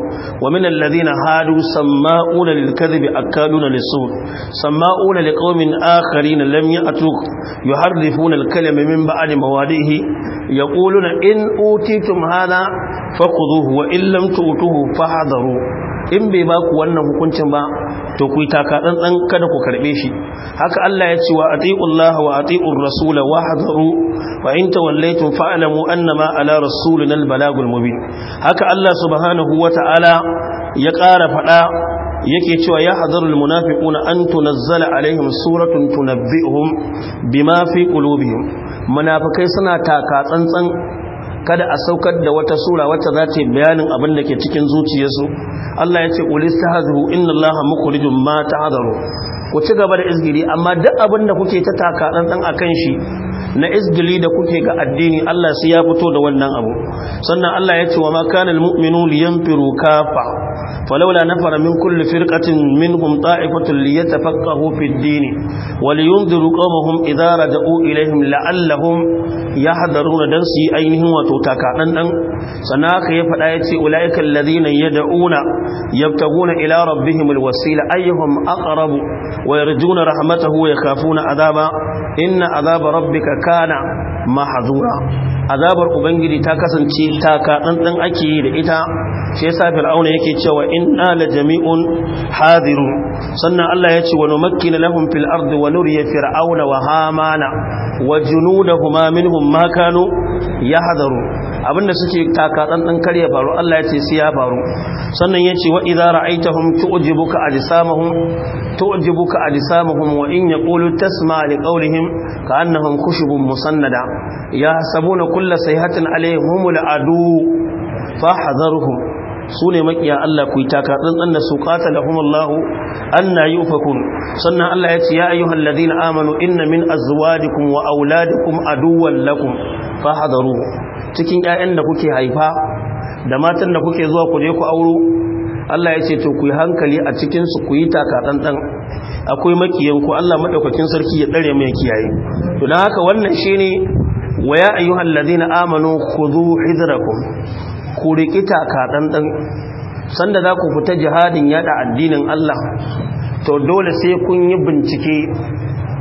wa min alladhina hadu samma'una lil kadhibi akaluna lis-sur samma'una liqaumin akharina lam ya'tuk yuharrifuna al-kalima min ba'di mawadihi yaquluna in utitum hadha faqulu tu'tuhu wa illam tu'tuhu fahdaru in bai ba ku wannan hukuncin ba to ku taka kada ku karbe shi haka Allah ya ce wa atiullah wa atiur rasul wa hadaru wa in tawallaytum fa'lamu annama ala rasulina albalagul mubin haka Allah subhanahu wataala ya ƙara fada yake cewa ya hadarul munafiquna an tunazzala alaihim suratun tunabbi'uhum bima fi qulubihim munafikai suna takatsantsan. kada a saukar da wata sura wacce za ta yi bayanin abin da ke cikin zuciyarsu Allah ya ce ulis hazuru inna muku mukhrijum ma hazaru ku ci gaba da izgiri amma duk abin da kuke ta taka dan dan akan shi na izgili da kuke ga addini Allah sai ya fito da wannan abu sannan Allah ya ce wa ma kana almu'minu liyanfiru kafa falawla nafara min kulli firqatin minhum ta'ifatun liyatafaqahu fid din wa liyunziru qawmahum idza raja'u ilaihim la'allahum yahdaruna dan suyi ainihin wato takadan dan sannan ka ya fada yace ulaika alladhina yad'una yabtaguna ila rabbihim alwasila ayyuhum aqrabu wa yarjuna rahmatahu wa yakhafuna adaba inna adaba rabbika rabbika kana azabar ubangiji ta kasance ta ka ake yi da ita shi yasa fir'auna yake cewa inna la jami'un hadiru, sannan Allah ya ce wa numakkin lahum fil ardi wa fir'auna wa hamana wa junudahuma minhum ma kanu yahdaru abinda suke taka dan dan kare faru Allah ya ce sai ya faru sannan ya ce wa idza ra'aitahum tu'jibuka ajsamuhum تعجبك أجسامهم وإن يقولوا تسمع لقولهم كأنهم خشب مسندة يحسبون كل صيحة عليهم العدو فاحذرهم su Sune makiya Allah ku taka tsantsan da su qatalahum anna yufakun sannan Allah ya ce ya ayyuhal ladina amanu inna min azwajikum wa auladikum aduwwan lakum fahadharu cikin ƴaƴan da kuke haifa da matan da kuke zuwa ku je ku auro Allah ya ce to ku yi hankali a cikin su ku yi akwai makiyanku Allah madaukakin sarki ya dare mai kiyaye to dan haka wannan shine wa ya ayyuhal ladina amanu khudhu hidrakum ku riki takatsantsan sanda za ku fita jihadin yada addinin Allah to dole sai kun yi bincike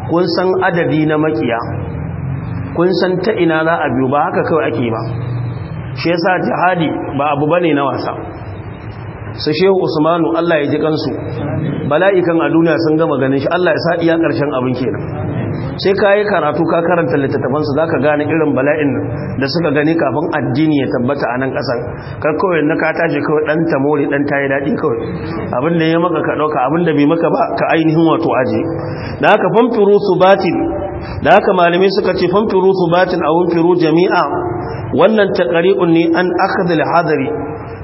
kun san adadi na makiya kun san ta ina za a biyu ba haka kawai ake ba shi yasa jihadi ba abu bane na wasa su shehu usmanu Allah ya ji kansu bala'ikan a duniya sun gama ganin shi Allah ya sa iya karshen abin kenan sai ka karatu ka karanta littattafan su zaka gane irin bala'in da suka gani kafin addini ya tabbata a nan ƙasar. kar kawai na ka tashi kawai dan tamori dan tayi dadi kawai abin da ya maka ka abin da bai maka ba ka ainihin wato aje da haka famfiru subatin da haka malamai suka ce famfiru subatin a wunfiru jami'a wannan taqari'un ne an akhdha hadari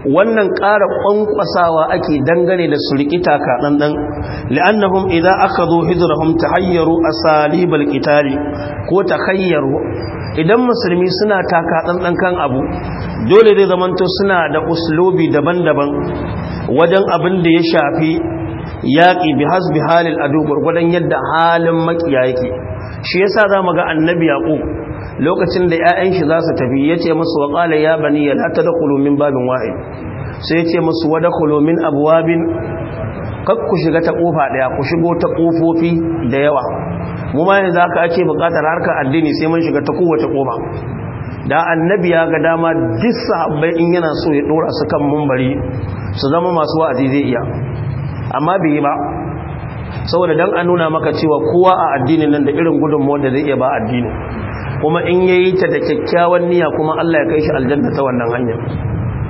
wannan ƙara ƙwanƙwasawa ake dangane da su rikita ka ɗanɗan la'annahum idza akhadhu hijrahum tahayyaru asalibal qitali ko tahayyaru idan musulmi suna taka ɗanɗan kan abu dole zai zamanto suna da uslubi daban-daban wajen abin da ya shafi yaƙi bi hasbi halil adu yadda halin makiya yake shi yasa zamu ga annabi yaqub lokacin da 'ya'yan shi za su tafi ya ce masu wa ya bani ya la da kulomin babin wahid sai ya ce musu wa da min abwabin kakku ku shiga ta ƙofa ɗaya ku shigo ta ƙofofi da yawa mu ma yanzu ka ake buƙatar harkar addini sai mun shiga ta kowace ƙofa. da annabi ya ga dama duk sahabbai in yana so ya ɗora su kan mumbari su zama masu wa'azi zai iya amma bai yi ba saboda dan a nuna maka cewa kowa a addinin nan da irin gudunmu da zai iya ba addini kuma in ya yi ta da kyakkyawan niyya kuma Allah ya kai shi aljanna ta wannan hanya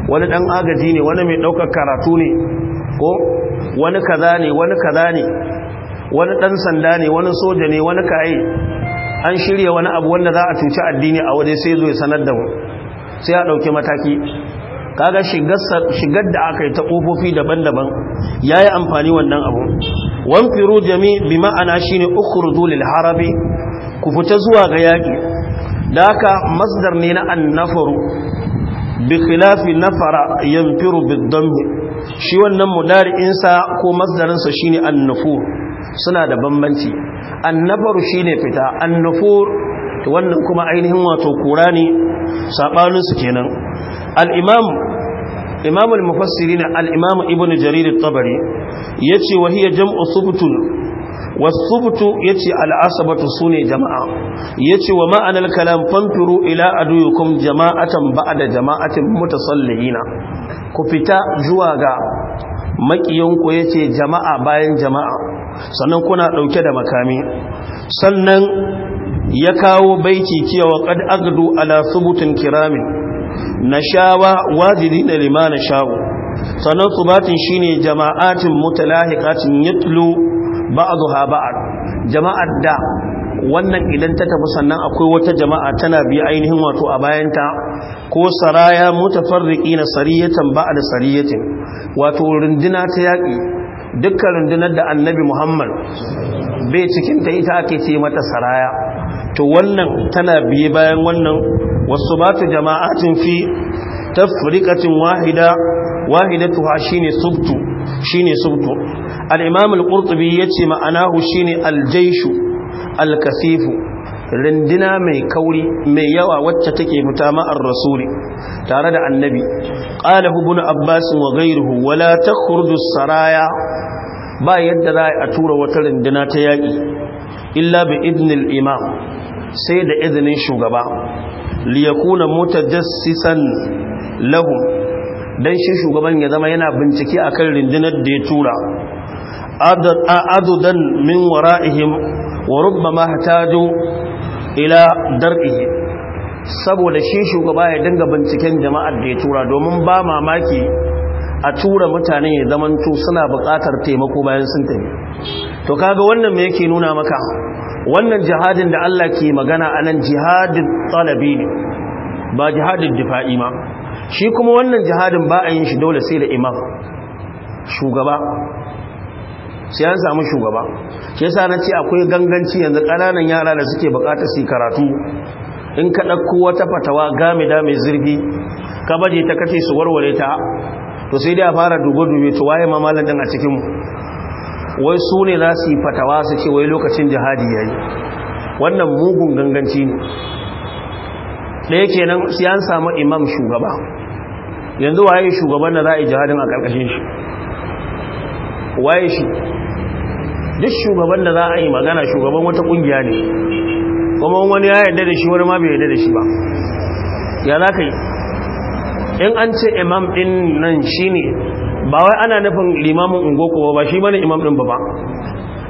wani dan agaji ne wani mai daukar karatu ne ko wani kaza ne wani kaza ne wani dan sanda ne wani soja ne wani kai an shirya wani abu wanda za a cuci addini a waje sai zo ya sanar da mu sai a ɗauki mataki kaga shigar da aka ta ƙofofi daban-daban ya yi amfani wannan abu wan firu jami bi ma'ana shi ne lil harabi ku fita zuwa ga yaki. da haka masdar ne na annafaru bi khilafi nafara yanfiru bid-dammi shi wannan mudari'insa ko masdarinsa shine annufur suna da bambanci annafaru ne fita annufur wannan kuma ainihin wato kura ne sabanin kenan al-imam imam al-mufassirin al ibn jarir tabari yace wa hiya jam'u subtun wasubtu yace al'asabatu sune jama'a yace wa ma'anar kalam fanturu ila aduyukum jama'atan ba'da jama'atin mutasallihina ku fita zuwa ga makiyanku yace jama'a bayan jama'a sannan kuna dauke da makami sannan ya kawo baiti cewa qad agdu ala subutin kiramin nashawa da limana shawo sannan subatin shine jama'atin mutalahiqatin yatlu ba'dha ba'd jama'ar da wannan idan ta tafi sannan akwai wata jama'a tana bi ainihin wato a bayanta ko saraya mutafarriqina sariyatan ba'da sariyatin wato runduna ta yaki dukkan rundunar da annabi Muhammad bai cikin ta ita ake ce mata saraya to wannan tana biye bayan wannan wasu batu jama'atin fi tafriqatin wahida wahidatuha shine subtu shine subtu al-imam al-qurtubi yace ma'anahu shine al-jayshu al-kasifu rindina mai kauri mai yawa wacce take fita ma'ar rasuli tare da annabi qala ibn abbas wa ghayruhu wala takhrudu saraya ba yadda za a tura wata rindina ta yaki illa bi idnil imam sai da izinin shugaba liyakuna mutajassisan lahum don shi shugaban ya zama yana bincike a kan rindinar da ya tura adudan min wara'ihim wa rubba ma hataju ila dar'ihi saboda shi shugaba ya dinga binciken jama'ar da ya tura domin ba mamaki a tura mutane ya zamanto suna buƙatar taimako bayan sun tafi to kaga wannan me yake nuna maka wannan jihadin da Allah ke magana anan jihadin talabi ne ba jihadin difa'i ma shi kuma wannan jihadin ba a yin shi dole sai da imam shugaba sai an samu shugaba shi yasa na ce akwai ganganci yanzu ƙananan yara da suke bukatar su karatu in ka ɗauko wata fatawa game da mai zirgi ka baje ta kace su warware ta to sai dai a fara dubo dube to waye ma malam din a cikin wai su ne za su yi fatawa su ce wai lokacin jihadi yayi wannan mugun ganganci ne ɗaya kenan sai an samu imam shugaba yanzu waye shugaban da za a yi jihadin a ƙarƙashin shi waye shi duk shugaban da za a yi magana shugaban wata ƙungiya ne kuma wani ya yarda da shi wani ma bai yarda da shi ba ya za ka yi in an ce imam ɗin nan shi ne ba wai ana nufin limamin ungoko ba shi mana imam ɗin ba ba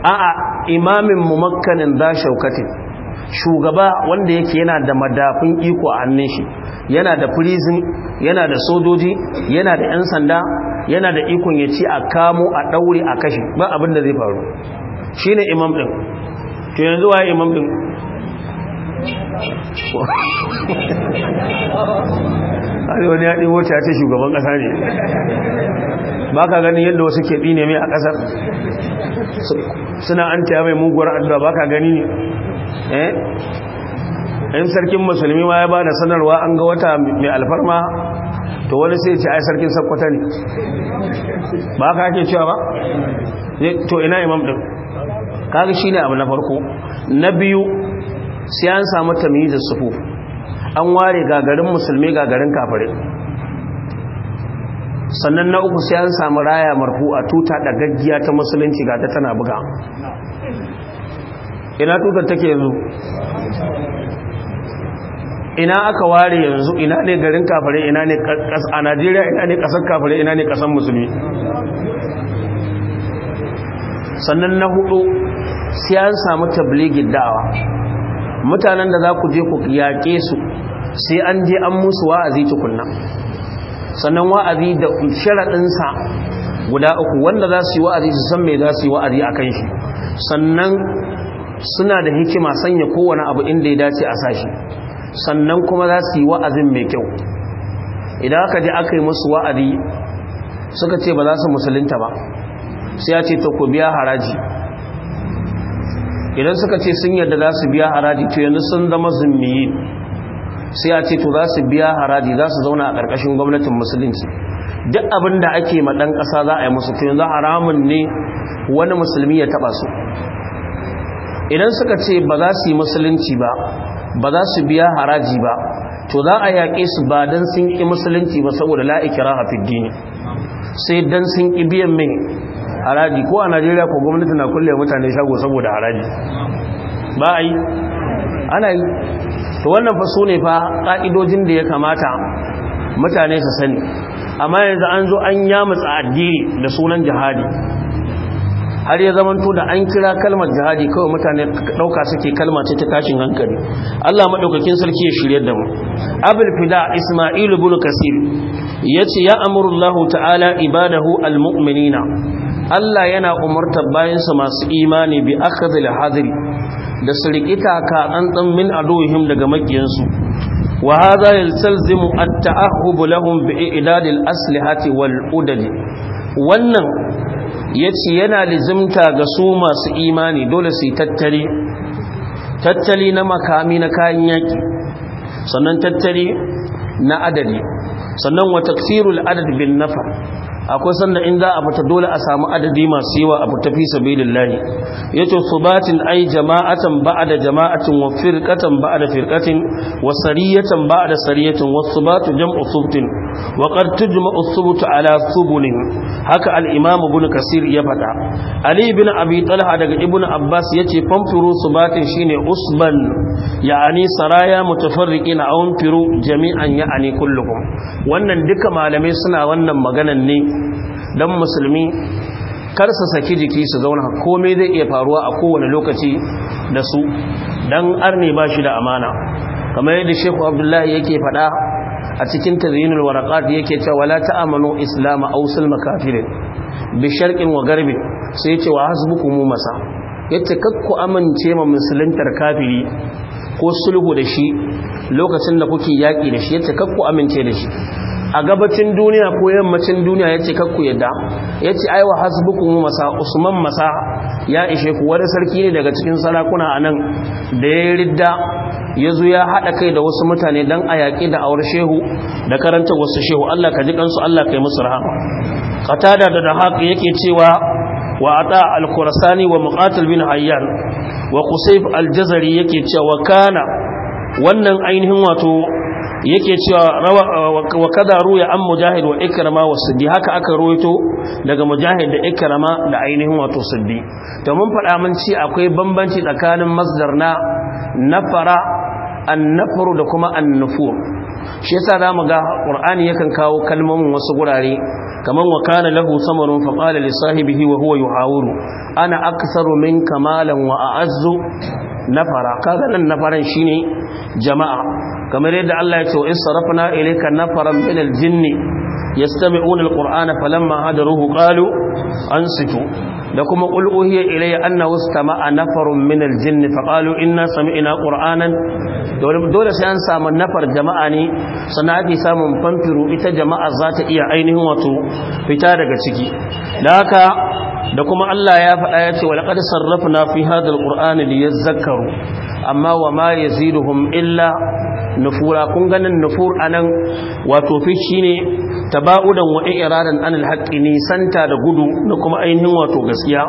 a'a imamin mumakkanin za shaukatin shugaba wanda yake yana da madafin iko a hannun shi yana da prison yana da sojoji yana da 'yan sanda yana da ikon ya ci a kamo a daure a kashe ba abin da zai faru shi ne imam din to yanzu waye imam din a wani ya ɗiwo ta ce shugaban ƙasa ne ba ka ganin yadda wasu ke ne mai a ƙasar suna an ta mai muguwar addu'a ba ka gani ne eh in sarkin musulmi ma ya ba da sanarwa an ga wata mai alfarma to wani sai ce ai sarkin sakkwata ne ba ka ake cewa ba eh, to ina imam din kaga shine abu na farko na biyu sai an samu tamyiz sufu an ware gagarin musulmi gagarin kafare. sannan na uku sai an samu raya marfu a tuta dagaggiya ta musulunci ga ta tana buga ina tutar take yanzu ina aka ware yanzu ina ne garin kafare ina ne a najeriya ina ne kasar kafare ina ne kasar musulmi sannan na hudu sai an samu tabligin da'awa mutanen da za ku je ku yaƙe su sai an je an musu wa'azi tukunna sannan wa'azi da sharaɗinsa guda uku wanda za su yi wa'azi su san mai za su yi wa'azi a kan shi sannan suna da hikima sanya kowane abu inda ya dace a sashi sannan kuma za su yi wa'azin mai kyau idan aka ji aka yi musu wa'adi suka ce ba za su musulinta ba sai ya ce ta ku biya haraji idan suka ce sun yadda za su biya haraji to yanzu sun zama zummiyi sai ya ce to za su biya haraji za su zauna a ƙarƙashin gwamnatin musulunci duk abin da ake maɗan ƙasa za a yi musu to yanzu haramun ne wani musulmi ya taɓa su idan suka ce ba za su yi musulunci ba ba za su biya haraji ba to za a yaƙe su ba don sun ƙi musulunci ba saboda la'ikira a fiddini sai don sun ƙi biyan mai haraji ko a najeriya ko gwamnati na kulle mutane shago saboda haraji ba a yi ana yi to wannan fa ne fa ƙa'idojin da ya kamata mutane su sani amma yanzu an zo an yamutsa addini da sunan jihadi har ya zamanto da an kira kalmar jihadi kawai mutane ɗauka suke kalma ce ta tashin hankali Allah maɗaukakin sarki ya shirya da mu abul fida isma'ilu bin kasir ya ce ya amurullahu ta'ala ibadahu almu'minina Allah yana umartar bayansa masu imani bi akhdhil hadiri da su rikita ka tsantsan min aduhim daga makiyansu wa hadha yalzamu at-ta'ahhub lahum bi i'dad aslihati wal udad wannan ya ce yana lizimta ga su masu imani dole su yi tattali tattali na makami na kayan yaki, sannan tattali na adadi sannan wa taksirul adad bin nafa akwai sanda in za a fita dole a samu adadi masu yawa a fita fi sabilillahi yace subatin ay jama'atan ba'da jama'atin wa firqatan ba'da firqatin wa sariyatan ba'da sariyatin wa subatu jam'u subtin wa qad tujma'u subtu ala subulin haka al-imam ibn kasir ya fada ali bin abi talha daga ibn abbas yace famfiru subatin shine usban ya'ani saraya mutafarriqin aw firu jami'an ya'ani kullukum wannan duka malamai suna wannan maganan ne dan musulmi kar su saki jiki su zauna komai zai iya faruwa a kowane lokaci da su don arne ba shi da amana kamar yadda shekhu abdullahi yake faɗa a cikin tazinul waraqat yake cewa wala ta'amanu islama aw sulma kafirin bi sharqin wa garbin sai yace wa hasbukum masa yace kakku amince ma musuluntar kafiri ko sulhu da shi lokacin da kuke yaki da shi yace kakku amince da shi a gabacin duniya ko yammacin duniya ya ce kakku yadda ya ce aiwa Hasbukun masa usman masa ya ishe ku wani sarki ne daga cikin sarakuna a nan da ya ridda ya zo ya haɗa kai da wasu mutane don a yaƙi da awar shehu da karanta wasu shehu allah ka ji ɗansu! allah ka yi musu rahama qatada da dahaq yake cewa wa ata al-khurasani wa muqatil bin hayyan wa Kusaif al-jazari yake cewa kana wannan ainihin wato yake cewa wa kada ruya an mujahid wa ikrama wa siddi haka aka ruwaito daga mujahid da ikrama da ainihin wato siddi to mun faɗa mun ci akwai bambanci tsakanin masdar na nafara annafru da kuma annufur shi yasa zamu ga qur'ani yakan kawo kalmomin wasu gurare kaman wa kana lahu samarun fa qala li sahibihi wa huwa yuhawiru ana aktsaru minka malan wa a'azzu nafara kaga nan nafaran shine jama'a kamar yadda Allah ya ce wa israfna ilayka nafaran min aljinni yastami'una alqur'ana falamma hadaruhu qalu ansitu da kuma qul uhiya ilayya annahu istama'a nafarun min aljinni faqalu inna sami'na qur'anan dole sai an samu nafar jama'a ne sannan samun famfiru ita jama'a za ta iya ainihin wato fita daga ciki da haka da kuma Allah ya faɗa ya ce walaƙar na fi hadal ƙur'ani da ya zakaru amma wa ma ya illa nufura kun ganin nufur anan wato fi shine tabaudan wa iradan an alhaqi ni santa da gudu da kuma ainihin wato gaskiya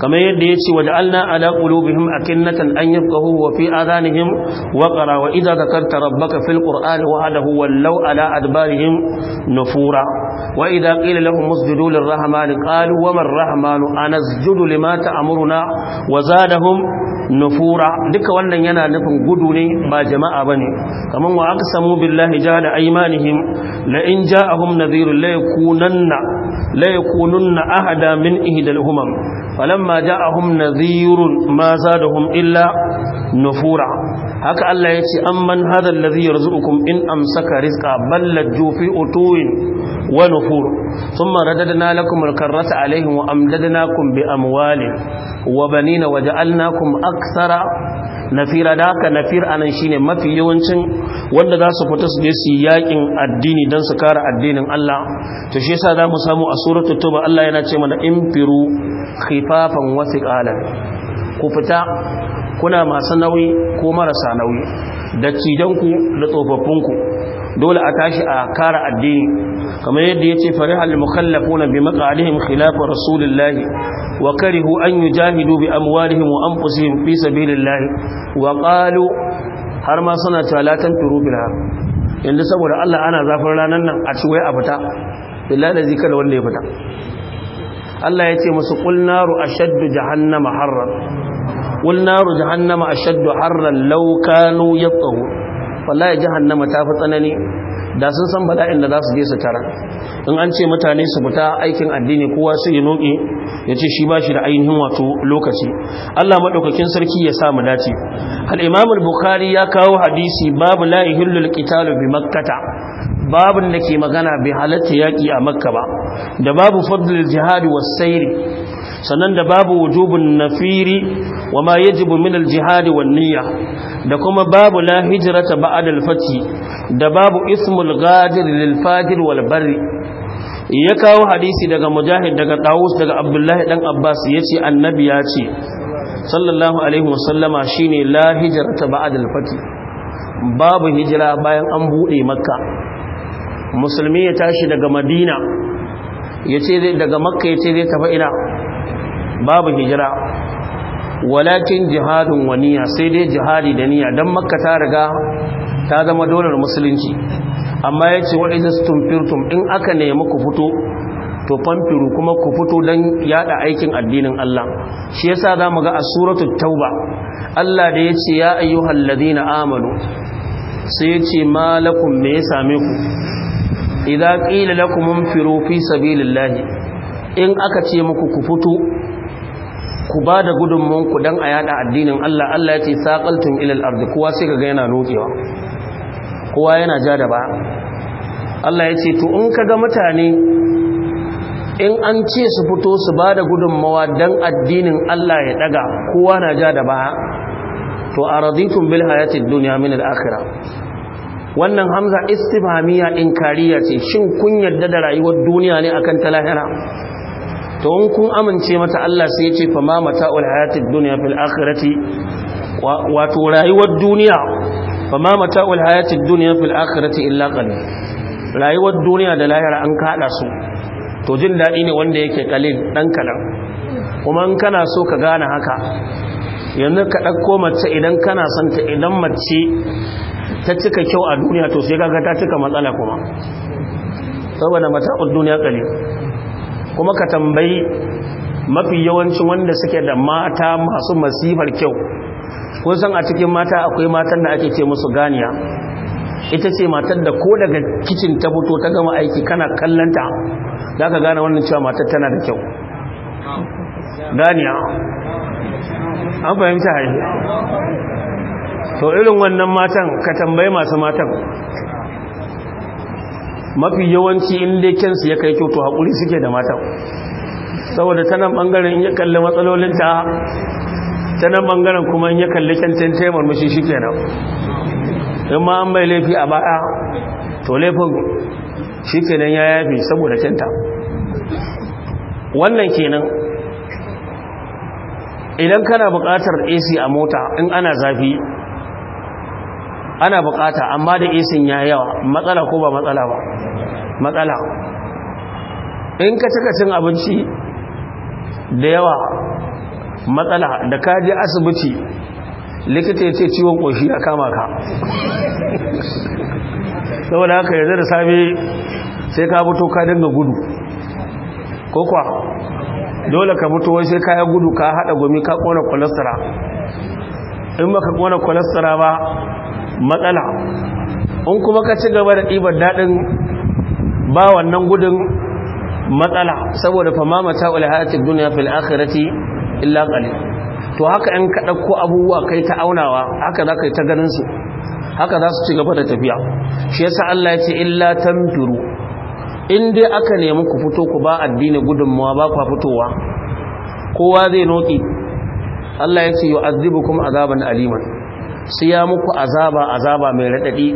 kamar yadda yace waja'alna ala qulubihim akinnatan an yafqahu wa fi adanihim waqara wa idza dhakarta rabbaka fil qur'ani wa'adahu wallau ala adbarihim nufura wa idza qila lahum usjudu lirrahmani qalu wama arrahmanu anasjudu lima ta'muruna wa zadahum nufura duka wannan yana nufin gudu ne ba jama'a bane kamar wa aqsamu billahi jahada aymanihim la in ja'ahum nadhirun la yakunanna la yakununna ahada min ihdal humam falamma ja'ahum nadhirun ma zadahum illa nufura haka Allah yace amman hadha alladhi yarzuqukum in amsaka rizka bal lajju fi utuwin wa nufur thumma radadna lakum al-karrata alayhim wa amdadnakum bi amwalin wa banina waja'alnakum aksara. nafira da haka nafir anan shine mafi yawancin wanda za su fita su je su yakin addini dan su kare addinin Allah to shi yasa zamu samu a suratul tauba Allah yana ce mana infiru khifafan wa thiqalan ku fita kuna masu nauyi ko marasa nauyi da ku da tsofaffinku dole a tashi a kara addini kamar yadda ya ce farihal mukallafuna bi maƙalihim khilaf rasulillah wa karihu an jahidu bi amwalihim wa anfusihim fi sabilillah wa ƙalu har ma suna cewa la tanturu bil har yanda saboda Allah ana zafin ranar nan a ciwaye a fita billahi da zikar wanda ya fita Allah ya ce musu qul naru ashaddu jahannama harran qul naru jahannama ashaddu harran laukanu ya yaqawun wallahi jahannama ta fi tsanani da sun san bala'in da za su je su tara in an ce mutane su fita aikin addini kowa sai ya noke ya ce shi ba shi da ainihin wato lokaci Allah maɗaukakin sarki ya sa mu dace al-Imam al-Bukhari ya kawo hadisi babu la yuhillu al bi makkata babin da ke magana bai halatta yaƙi a makka ba da babu fadlul jihadi wasairi sannan da babu wujubun nafiri wa ma yajibu min al-jihadi wan niyya da kuma babu la hijrata ba'd al-fati da babu ismul ghadir lil wal barri ya kawo hadisi daga mujahid daga dawus daga abdullahi dan abbas yace annabi ya ce sallallahu alaihi wasallama shine la hijrata ba'd al-fati babu hijira bayan an buɗe makka musulmi ya tashi daga madina ya ce zai daga makka ya ce zai tafi ina babu hijira walakin jihadin waniya sai dai jihadi da niyya don makka ta riga ta zama dolar musulunci amma ya ce waɗanda su tumfirtum in aka nemi ku fito to famfiru kuma ku fito don yada aikin addinin Allah shi yasa za mu ga a suratul tauba Allah da ya ce ya ayyuhal ladina amanu sai ya ce malakum me ya same ku idza qila lakum munfiru fi sabilillahi in aka ce muku ku fito ku bada da gudunmanku don a yada addinin Allah Allah ya ce ila al ardi kowa sai ka ga yana nokewa kowa yana ja da ba Allah ya ce to in kaga mutane in an ce su fito su bada da gudunmawa don addinin Allah ya daga kowa na ja da ba to a bil hayatid duniya min al-akhirah wannan hamza istifhamiya inkariya ce shin kun yadda da rayuwar duniya ne akan ta lahira to in kun amince mata Allah sai ya ce fa ma mata'ul hayatid dunya fil akhirati wato rayuwar duniya fa ma mata'ul hayatid dunya fil akhirati illa qalil rayuwar duniya da lahira an kada su to jin dadi ne wanda yake kalil dan kalan kuma in kana so ka gane haka yanzu ka dauko mace idan kana son ta idan mace ta cika kyau a duniya to sai kaga ta cika matsala kuma saboda a duniya kali kuma ka tambayi mafi yawancin wanda suke da mata masu masifar kyau kun san a cikin mata akwai matan da ake ce musu ganiya ita ce matar da ko daga kicin ta fito ta gama aiki kana kallanta za ka gane wannan cewa matar tana da kyau ganiya an fahimta haihu to irin wannan matan ka tambayi masu matan mafi yawanci inda kensu ya kai kyoto haƙuri suke da matan saboda ta ɓangaren in ya kalli matsalolin ta nan ɓangaren kuma in ya kalli kyantin taimar mashi shi nan in ma an bai laifi a baya to laifin shi nan ya yafi saboda kyanta wannan kenan idan kana buƙatar ac a mota in ana zafi ana bukata amma da isin ya yawa matsala ko ba matsala ba matsala in ka cika cin abinci da yawa matsala da ka asibiti likita ya ce ciwon ƙoshi ya kama ka saboda haka yanzu da sami sai ka fito ka dinga gudu ko kwa dole ka fito wai sai ka gudu ka haɗa gumi ka ƙona kwalastara in baka ƙona kwalastara ba matsala in kuma ka ci gaba da ɗibar daɗin ba wannan gudun matsala saboda fama mata ulhayatin duniya fil akhirati illa qalil to haka in ka dauko abubuwa kai ta aunawa haka za ka yi ta ganin su haka za su ci gaba da tafiya shi yasa Allah ya ce illa tanfiru in dai aka nemi ku fito ku ba addini gudunmawa ba ku fitowa kowa zai noki Allah ya ce yu'adhibukum azaban aliman sai ya muku azaba azaba mai radadi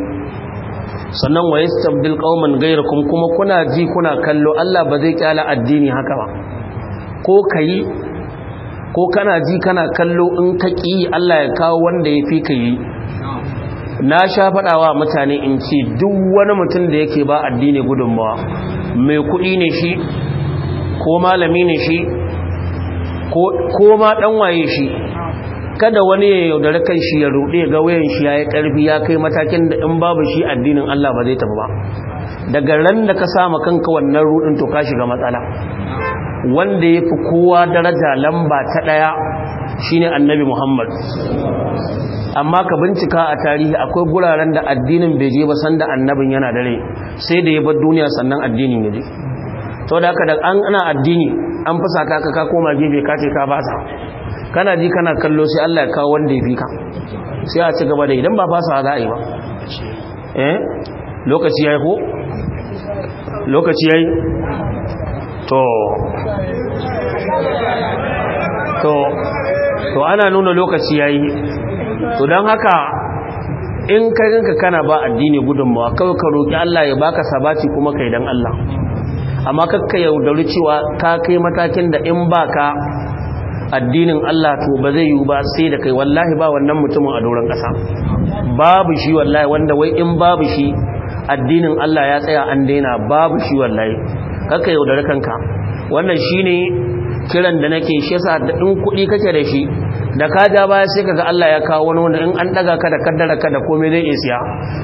sannan wa yastabdil qauman ghayrakum kuma kuna ji kuna kallo Allah ba zai kyala addini haka ba ko kai ko kana ji kana kallo in ka ki Allah ya kawo wanda yafi kai na sha faɗawa mutane in ce duk wani mutum da yake ba addini gudunmawa mai kuɗi ne shi ko malami ne shi ko ma ɗan waye shi kada wani ya yaudari kan shi ya rude ga wayan shi ya yi karfi ya kai matakin da in babu shi addinin Allah ba zai tafi ba daga ran da ka sama kanka wannan ruɗin to ka shiga matsala wanda ya fi kowa daraja lamba ta daya shine annabi Muhammad amma ka bincika a tarihi akwai guraren da addinin bai je ba sanda annabin yana dare sai da ya bar duniya sannan addini ne to da haka da an ana addini an fasa ka ka koma gefe ka ce ka basa kana ji kana kallo sai Allah ya kawo wanda ya fi ka sai a ci gaba da idan ba fasa za a yi ba eh lokaci yayi ko lokaci yayi to to to ana nuna lokaci yayi to dan haka in ka ganka kana ba addini gudunmawa kawai ka roki Allah ya baka sabati kuma kai dan Allah amma kakka yaudari cewa ka kai matakin da in baka addinin Allah to ba zai yiwu ba sai da kai wallahi ba wannan mutumin a doron ƙasa babu shi wallahi wanda wai in babu shi addinin Allah ya tsaya an daina babu shi wallahi kaka yaudar kanka wannan shi ne kiran da nake shi yasa da in kuɗi kake da shi da ka ja baya sai kaga Allah ya kawo wani wanda in an daga ka da kaddara ka da komai zai iya siya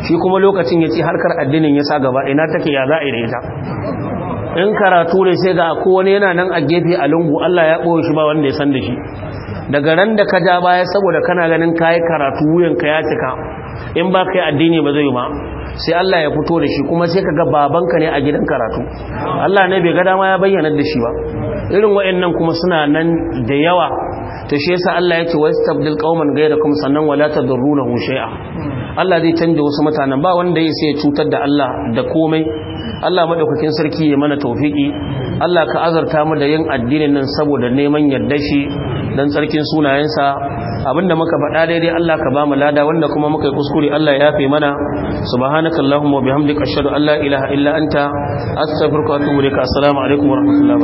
shi kuma lokacin ya ci harkar addinin ya sa gaba ina take ya za'a da ita in karatu ne sai ga ko wani yana nan a gefe a lungu Allah ya ɓoye shi ba wanda ya san da shi daga ran da ka ja baya saboda kana ganin ka yi karatu wuyan ka ya cika in ba ka yi addini ba zai yi ba sai Allah ya fito da shi kuma sai ka ga babanka ne a gidan karatu Allah ne bai ga dama ya bayyana da shi ba irin waɗannan kuma suna nan da yawa ta shi yasa Allah ya ce wa istabdil qauman ghayrakum sannan wala tadurrunahu shay'a Allah zai canja wasu mutanen ba wanda ya sai cutar da Allah da komai Allah madaukakin sarki ya mana tawfiki Allah ka azarta mu da yin addinin nan saboda neman yarda shi dan sarkin sunayensa abinda muka faɗa daidai Allah ka bamu lada wanda kuma muka yi kuskure Allah ya yafe mana subhanakallahumma wa bihamdika ashhadu an la ilaha illa anta astaghfiruka wa atubu ilaik assalamu alaikum wa rahmatullahi